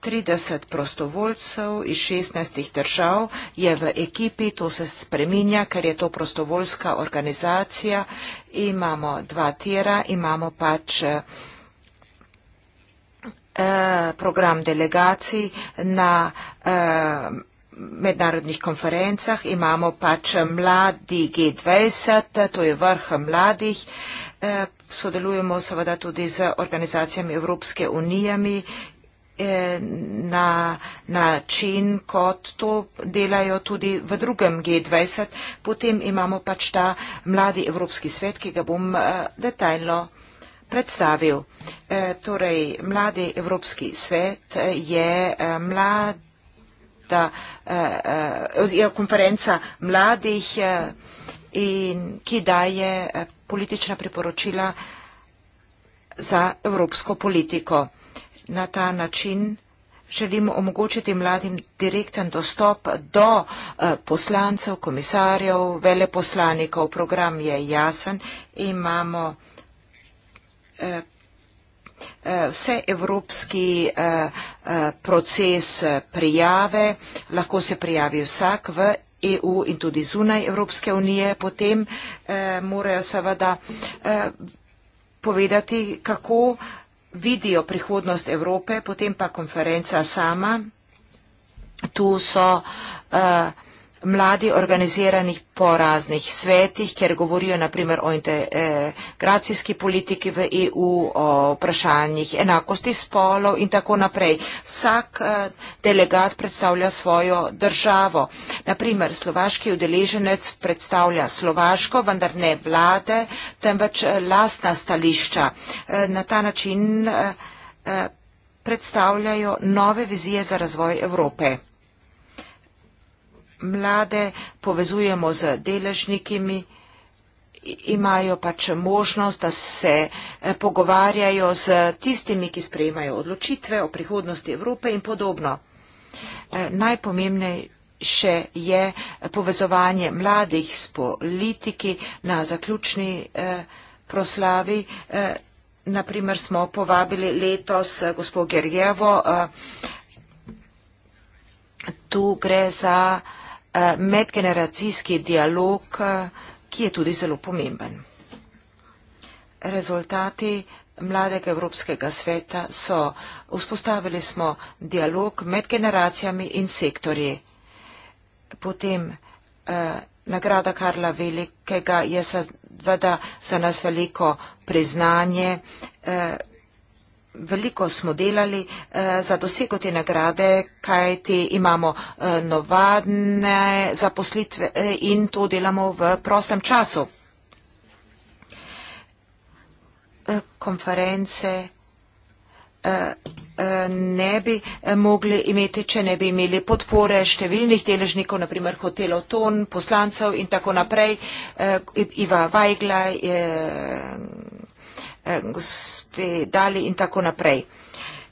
30 prostovoljcev iz 16 držav je v ekipi, to se spreminja, ker je to prostovoljska organizacija, imamo dva tira, imamo pač program delegacij na uh, mednarodnih konferencah, imamo pač mladi G20, to je vrh mladih. Eh, sodelujemo seveda tudi z organizacijami Evropske unije eh, na način, kot to delajo tudi v drugem G20. Potem imamo pač ta mladi Evropski svet, ki ga bom eh, detaljno predstavil. Torej, mladi Evropski svet je mladi ta eh, eh ja, konferenca mladih, eh, in, ki daje eh, politična priporočila za evropsko politiko. Na ta način želimo omogočiti mladim direkten dostop do eh, poslancev, komisarjev, veleposlanikov. Program je jasen. Imamo eh, vse evropski eh, eh, proces eh, prijave, lahko se prijavi vsak v EU in tudi zunaj Evropske unije, potem morajo seveda povedati, kako vidijo prihodnost Evrope, potem pa konferenca sama. Tu so mladi organiziranih po raznih svetih, kjer govorijo naprimer o integracijski politiki v EU, o vprašanjih enakosti spolov in tako naprej. Vsak eh, delegat predstavlja svojo državo. Naprimer, slovaški udeleženec predstavlja slovaško, vendar ne vlade, temveč eh, lastna stališča. Eh, na ta način predstavljajo nove vizije za razvoj Evrope mlade povezujemo z deležnikimi, imajo pač možnost, da se eh, pogovarjajo z tistimi, ki sprejemajo odločitve o prihodnosti Evrope in podobno. Eh, najpomembnejše je povezovanje mladih s politiki na zaključni eh, proslavi. Naprimer smo povabili letos gospod Gergevo. Tu gre za uh, Eh, medgeneracijski dialog, eh, ki je tudi zelo pomemben. Rezultati mladega Evropskega sveta so, vzpostavili smo dialog med generacijami in sektorji. Potem eh, nagrada Karla Velikega je seveda za nas veliko priznanje. Eh, Veliko smo delali eh, za dosego te nagrade, kajti imamo eh, novadne zaposlitve eh, in to delamo v prostem času. Konference ne bi mogli imeti, če ne bi imeli podpore številnih deležnikov, naprimer hotelov Ton, poslancev in tako naprej. Iva Vajgla, Eh, gospe dali in tako naprej.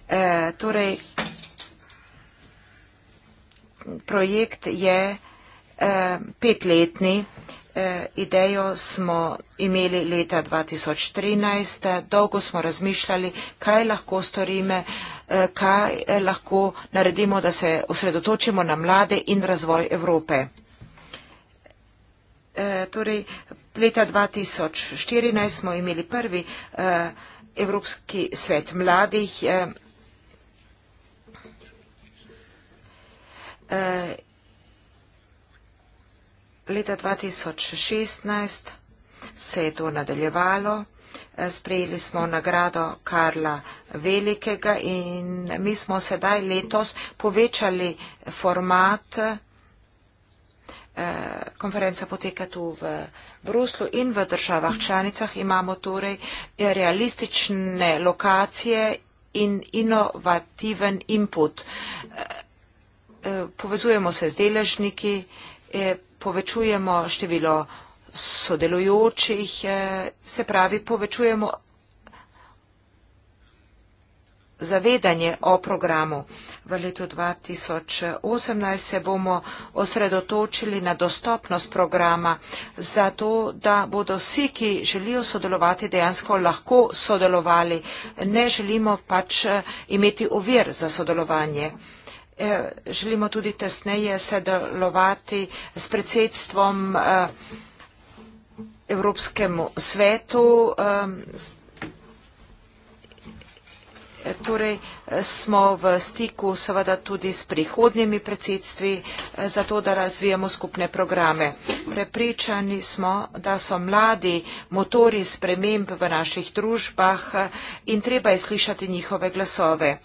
E, torej, projekt je e, petletni. E, idejo smo imeli leta 2013, dolgo smo razmišljali, kaj lahko storime, e, kaj lahko naredimo, da se osredotočimo na mlade in razvoj Evrope. Eh, torej leta 2014 smo imeli prvi eh, Evropski svet mladih eh, Leta 2016 se je to nadaljevalo, sprejeli smo nagrado Karla Velikega in mi smo sedaj letos povečali format, Eh, konferenca poteka tu v Bruslu in v državah članicah, imamo torej realistične lokacije in inovativen input. Eh, eh, povezujemo se z deležniki, povečujemo število sodelujočih, se pravi, povečujemo zavedanje o programu. V letu 2018 se bomo osredotočili na dostopnost programa, zato da bodo vsi, ki želijo sodelovati, dejansko lahko sodelovali. Ne želimo pač eh, imeti ovir za sodelovanje. Eh, želimo tudi tesneje sodelovati s predsedstvom eh, Evropskemu svetu, Torej eh, smo v stiku seveda tudi s prihodnjimi predsedstvi eh, za to, da razvijamo skupne programe. Prepričani smo, da so mladi motori sprememb v naših družbah eh, in treba je slišati njihove glasove.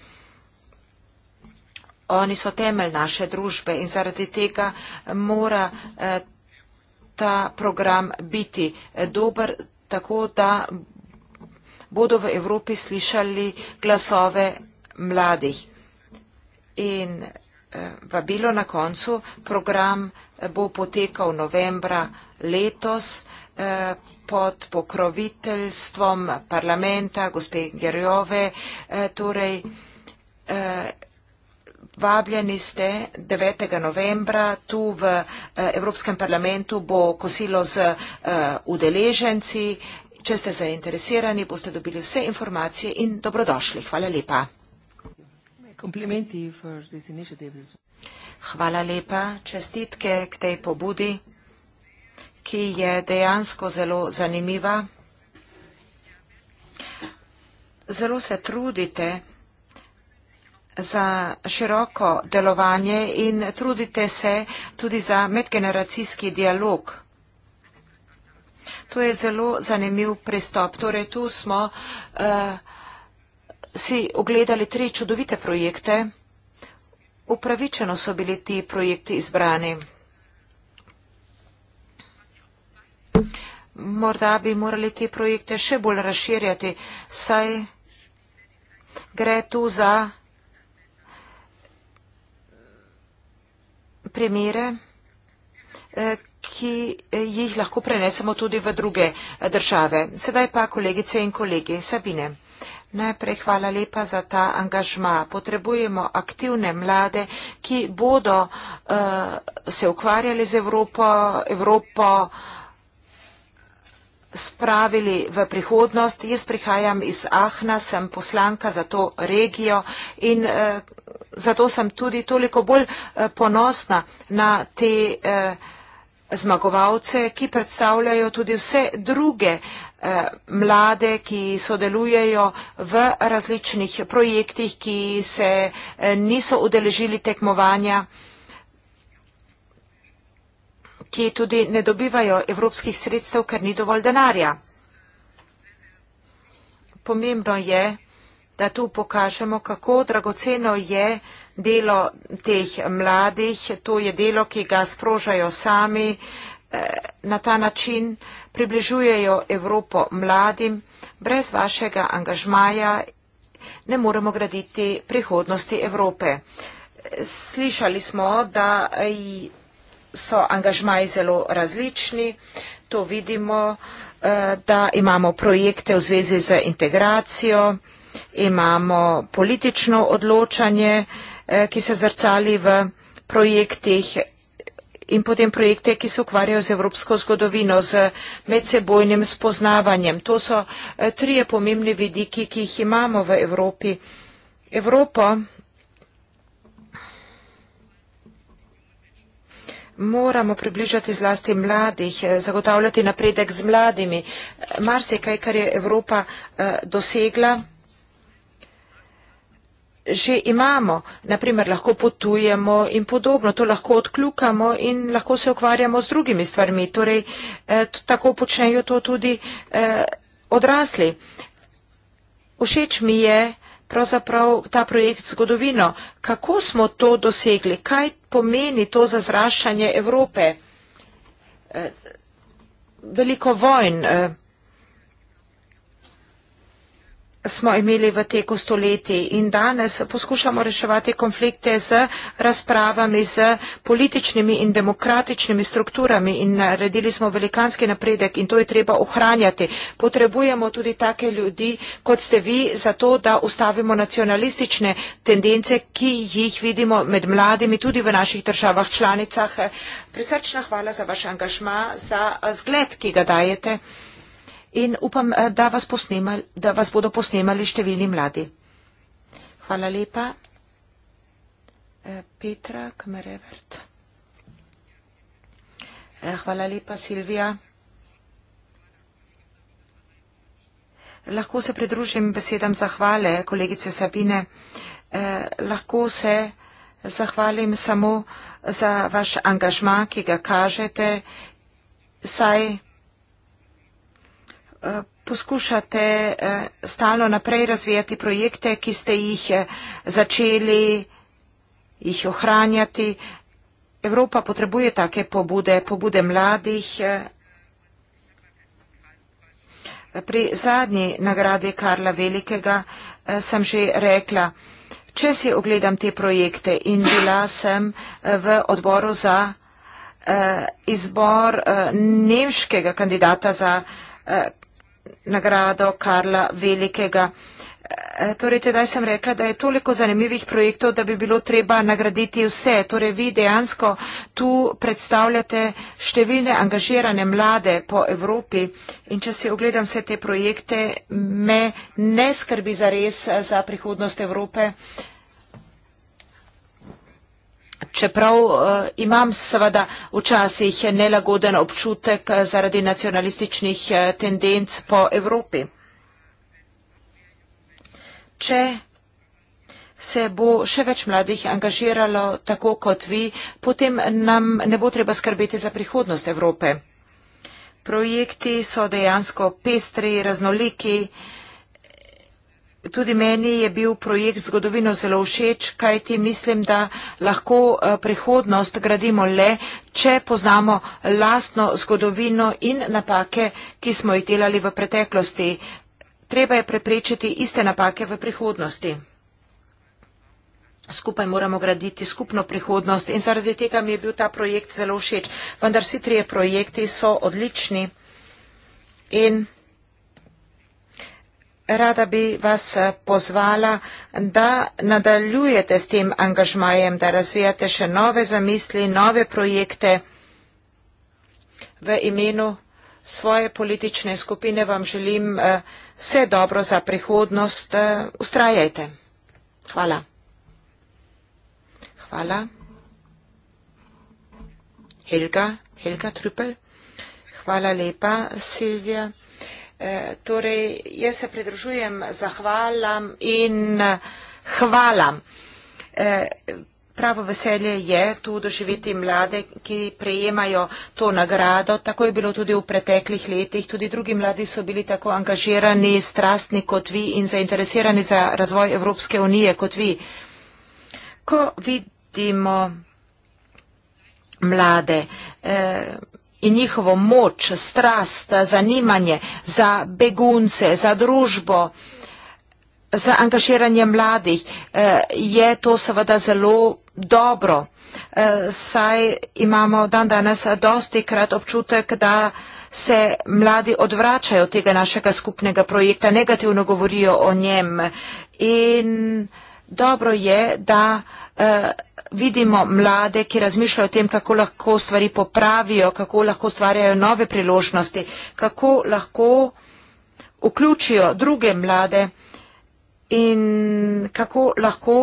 Oni so temelj naše družbe in zaradi tega mora ta program biti dober, tako da bodo v Evropi slišali glasove mladih. In eh, vabilo na koncu, program eh, bo potekal novembra letos eh, pod pokroviteljstvom parlamenta, gospe Gerjove, torej vabljeni ste 9. novembra, tu v Evropskem parlamentu bo kosilo z udeleženci, Če ste zainteresirani, boste dobili vse informacije in dobrodošli. Hvala lepa. Hvala lepa. Čestitke k tej pobudi, ki je dejansko zelo zanimiva. Zelo se trudite za široko delovanje in trudite se tudi za medgeneracijski dialog. To je zelo zanimiv prestop. Torej, tu smo uh, si ogledali tri čudovite projekte. Upravičeno so bili ti projekti izbrani. Morda bi morali te projekte še bolj razširjati, saj gre tu za primere, eh, ki eh, jih lahko prenesemo tudi v druge eh, države. Sedaj pa kolegice in kolegi Sabine. Najprej hvala lepa za ta angažma. Potrebujemo aktivne mlade, ki bodo uh, se ukvarjali z Evropo, Evropo spravili v prihodnost. Jaz prihajam iz Ahna, sem poslanka za to regijo in uh, zato sem tudi toliko bolj uh, ponosna na te. Uh, zmagovalce, ki predstavljajo tudi vse druge eh, mlade, ki sodelujejo v različnih projektih, ki se eh, niso udeležili tekmovanja, ki tudi ne dobivajo evropskih sredstev, ker ni dovolj denarja. Pomembno je, da tu pokažemo, kako dragoceno je delo teh mladih. To je delo, ki ga sprožajo sami, eh, na ta način približujejo Evropo mladim. Brez vašega angažmaja ne moremo graditi prihodnosti Evrope. Slišali smo, da so angažmaji zelo različni. To vidimo, eh, da imamo projekte v zvezi z integracijo imamo politično odločanje, eh, ki se zrcali v projektih in potem projekte, ki se ukvarjajo z evropsko zgodovino, z medsebojnim spoznavanjem. To so eh, trije pomembni vidiki, ki jih imamo v Evropi. Evropo moramo približati zlasti mladih, eh, zagotavljati napredek z mladimi. Marsikaj, kar je Evropa dosegla, že imamo, naprimer lahko potujemo in podobno, to lahko odkljukamo in lahko se ukvarjamo z drugimi stvarmi. Torej, eh, tako počnejo to tudi eh, odrasli. Všeč mi je pravzaprav ta projekt zgodovino. Kako smo to dosegli? Kaj pomeni to za zraščanje Evrope? Eh, veliko vojn. Eh, smo imeli v teku stoletij in danes poskušamo reševati konflikte z razpravami, z političnimi in demokratičnimi strukturami in naredili smo velikanski napredek in to je treba ohranjati. Potrebujemo tudi take ljudi, kot ste vi, zato da ustavimo nacionalistične tendence, ki jih vidimo med mladimi tudi v naših državah članicah. Prisrčna hvala za vaš angažma, za zgled, ki ga dajete in upam, eh, da vas, posnemal, da vas bodo posnemali številni mladi. Hvala lepa. Eh, Petra Kmerevert. Eh, hvala lepa, Silvija. Lahko se pridružim besedam zahvale kolegice Sabine. Lahko se zahvalim samo za vaš angažma, ki ga kažete, saj Eh, poskušate eh, stalno naprej razvijati projekte, ki ste jih eh, začeli, jih ohranjati. Evropa potrebuje take pobude, pobude mladih. Pri zadnji nagradi Karla Velikega sem že rekla, če si ogledam te projekte in bila sem v odboru za izbor nemškega kandidata za nagrado Karla Velikega. E, torej, tedaj sem rekla, da je toliko zanimivih projektov, da bi bilo treba nagraditi vse. Torej, vi dejansko tu predstavljate številne angažirane mlade po Evropi in če si ogledam vse te projekte, me ne skrbi za res e, za prihodnost Evrope. Čeprav uh, imam seveda včasih nelagoden občutek uh, zaradi nacionalističnih uh, tendenc po Evropi. Če se bo še več mladih angažiralo tako kot vi, potem nam ne bo treba skrbeti za prihodnost Evrope. Projekti so dejansko pestri, raznoliki. Uh, Tudi meni je bil projekt zgodovino zelo všeč, kajti mislim, da lahko eh, prihodnost gradimo le, če poznamo lastno zgodovino in napake, ki smo jih delali v preteklosti. Treba je preprečiti iste napake v prihodnosti. Skupaj moramo graditi skupno prihodnost in zaradi tega mi je bil ta projekt zelo všeč. Vendar vsi trije projekti so odlični in rada bi vas eh, pozvala, da nadaljujete s tem angažmajem, da razvijate še nove zamisli, nove projekte. V imenu svoje politične skupine vam želim eh, vse dobro za prihodnost. Ustrajajte. Eh, Hvala. Hvala. Helga, Helga Trüppel. Hvala lepa, Silvija. E, torej, jaz se pridružujem zahvalam in e, hvalam. E, pravo veselje je tu doživeti mlade, ki prejemajo to nagrado. Tako je bilo tudi v preteklih letih. Tudi drugi mladi so bili tako angažirani, strastni kot vi in zainteresirani za razvoj Evropske unije kot vi. Ko vidimo mlade, eh, in njihovo moč, strast, zanimanje za begunce, za družbo, za angažiranje mladih, eh, je to seveda zelo dobro. Eh, saj imamo dan danes dosti krat občutek, da se mladi odvračajo od tega našega skupnega projekta, negativno govorijo o njem. In dobro je, da Eh, vidimo mlade, ki razmišljajo o tem, kako lahko stvari popravijo, kako lahko stvarjajo nove priložnosti, kako lahko vključijo druge mlade in kako lahko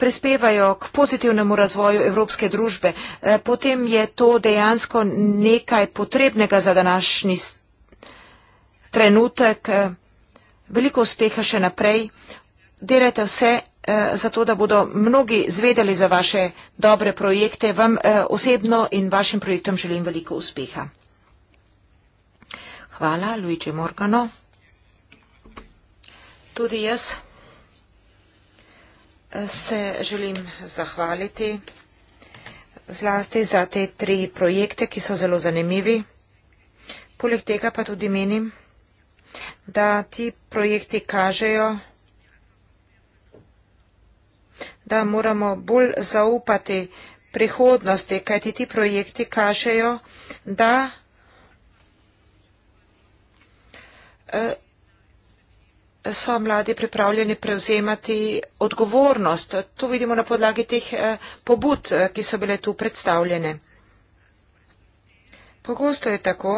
prispevajo k pozitivnemu razvoju evropske družbe. Eh, potem je to dejansko nekaj potrebnega za današnji trenutek. Eh, veliko uspeha še naprej delajte vse, eh, zato da bodo mnogi zvedeli za vaše dobre projekte. Vam eh, osebno in vašim projektom želim veliko uspeha. Hvala, Luigi Morgano. Tudi jaz eh, se želim zahvaliti zlasti za te tri projekte, ki so zelo zanimivi. Poleg tega pa tudi menim, da ti projekti kažejo, da moramo bolj zaupati prihodnosti, kajti ti projekti kažejo, da eh, so mladi pripravljeni prevzemati odgovornost. To vidimo na podlagi teh eh, pobud, eh, ki so bile tu predstavljene. Pogosto je tako,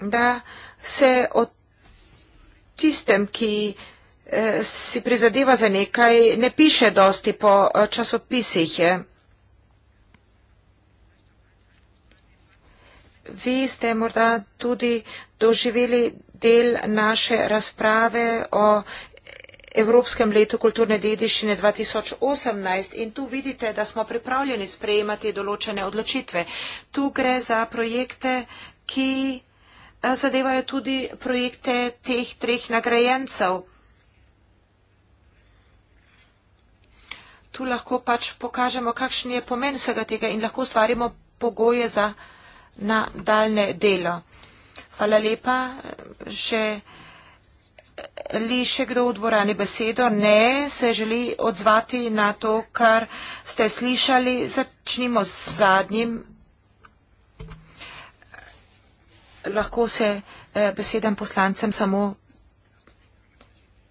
da se od tistem, ki eh, si prizadeva za nekaj, ne piše dosti po eh, časopisih. Vi ste morda tudi doživeli del naše razprave o Evropskem letu kulturne dediščine 2018 in tu vidite, da smo pripravljeni sprejemati določene odločitve. Tu gre za projekte, ki Eh, zadevajo tudi projekte teh treh nagrajencev. Tu lahko pač pokažemo, kakšen je pomen vsega tega in lahko ustvarimo pogoje za nadaljne delo. Hvala lepa. Še eh, li še kdo v dvorani besedo? Ne, se želi odzvati na to, kar ste slišali. Začnimo z zadnjim lahko se eh, besedam poslancem samo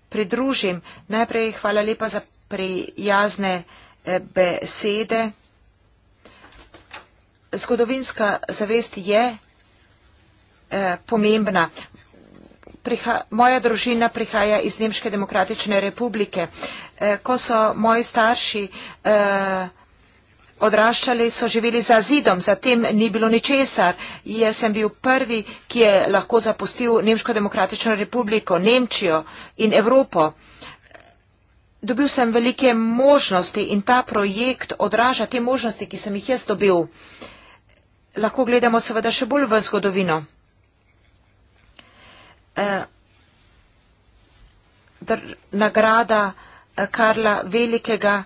pridružim. Najprej hvala lepa za prijazne eh, besede. Zgodovinska zavest je eh, pomembna. Priha moja družina prihaja iz Nemške demokratične republike. Eh, ko so moji starši eh, Odraščali so živeli za zidom, zatem ni bilo ničesar. Jaz sem bil prvi, ki je lahko zapustil Nemško demokratično republiko, Nemčijo in Evropo. Dobil sem velike možnosti in ta projekt odraža te možnosti, ki sem jih jaz dobil. Lahko gledamo seveda še bolj v zgodovino. Eh, dr, nagrada eh, Karla Velikega.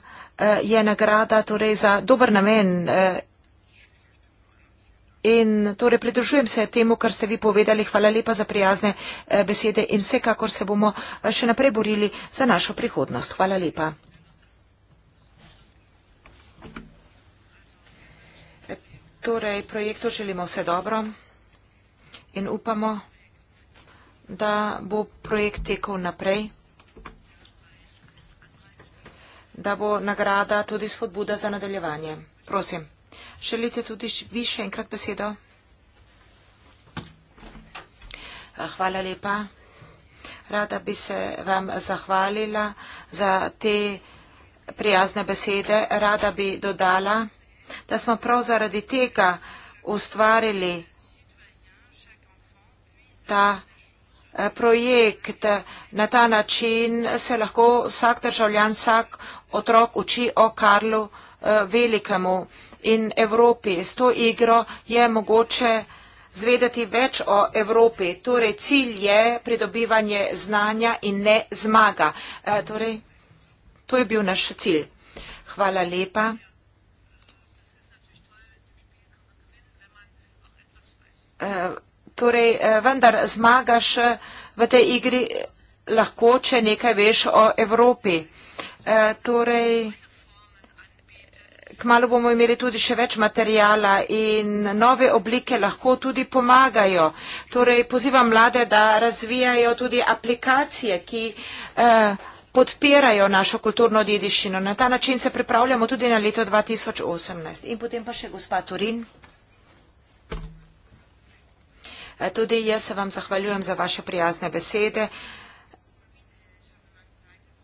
Eh, je nagrada torej za dober namen. Eh, in torej pridružujem se temu, kar ste vi povedali. Hvala lepa za prijazne eh, besede in vsekakor se bomo še naprej borili za našo prihodnost. Hvala lepa. Torej, projektu želimo vse dobro in upamo, da bo projekt tekel naprej da bo nagrada tudi spodbuda za nadaljevanje. Prosim, želite tudi vi še enkrat besedo? Ah, hvala lepa. Rada bi se vam zahvalila za te prijazne besede. Rada bi dodala, da smo prav zaradi tega ustvarili ta Eh, projekt. Na ta način se lahko vsak državljan, vsak otrok uči o Karlu eh, Velikemu in Evropi. S to igro je mogoče zvedeti več o Evropi. Torej, cilj je pridobivanje znanja in ne zmaga. Eh, torej, to je bil naš cilj. Hvala lepa. Uh, torej, eh, vendar zmagaš eh, v tej igri lahko, če nekaj veš o Evropi. Eh, torej, kmalo bomo imeli tudi še več materijala in nove oblike lahko tudi pomagajo. Torej, pozivam mlade, da razvijajo tudi aplikacije, ki podpirajo našo kulturno dediščino. Na ta način se pripravljamo tudi na leto 2018. In potem pa še gospa Turin. Eh, tudi jaz se vam zahvaljujem za vaše prijazne besede.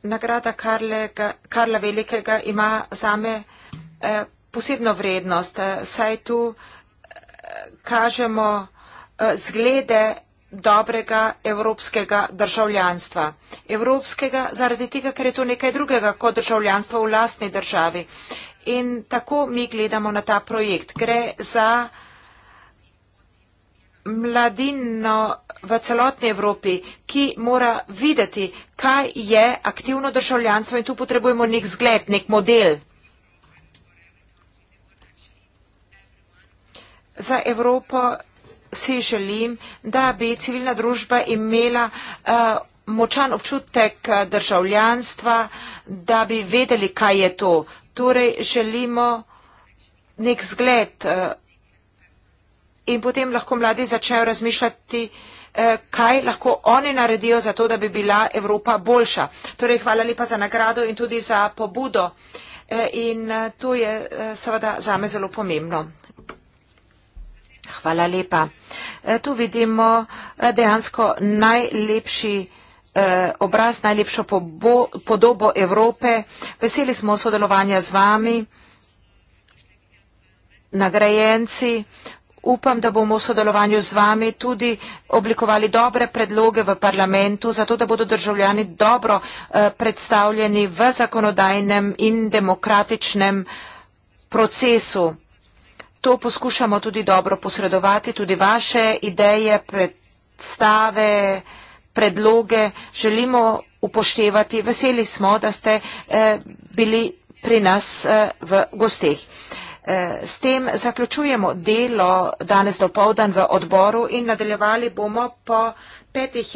Nagrada Karlega, Karla Velikega ima zame eh, posebno vrednost, eh, saj tu kažemo zglede dobrega evropskega državljanstva. Evropskega zaradi tega, ker je to nekaj drugega kot državljanstvo v lastni državi. In tako mi gledamo na ta projekt. Gre za mladino v celotni Evropi, ki mora videti, kaj je aktivno državljanstvo in tu potrebujemo nek zgled, nek model. Za Evropo si želim, da bi civilna družba imela uh, močan občutek eh, državljanstva, da bi vedeli, kaj je to. Torej, želimo nek zgled uh, in potem lahko mladi začnejo razmišljati, eh, kaj lahko oni naredijo za to, da bi bila Evropa boljša. Torej, hvala lepa za nagrado in tudi za pobudo. Eh, in eh, to je seveda zame zelo pomembno. Hvala lepa. Tu vidimo dejansko najlepši obraz, najlepšo podobo Evrope. Veseli smo sodelovanja z vami, nagrajenci, Upam, da bomo v sodelovanju z vami tudi oblikovali dobre predloge v parlamentu, zato da bodo državljani dobro eh, predstavljeni v zakonodajnem in demokratičnem eh, procesu. To poskušamo tudi dobro posredovati, tudi vaše ideje, predstave, predloge želimo upoštevati. Veseli smo, da ste eh, bili pri nas v gosteh. Eh, s tem zaključujemo delo danes do povdan v odboru in nadaljevali bomo po petih.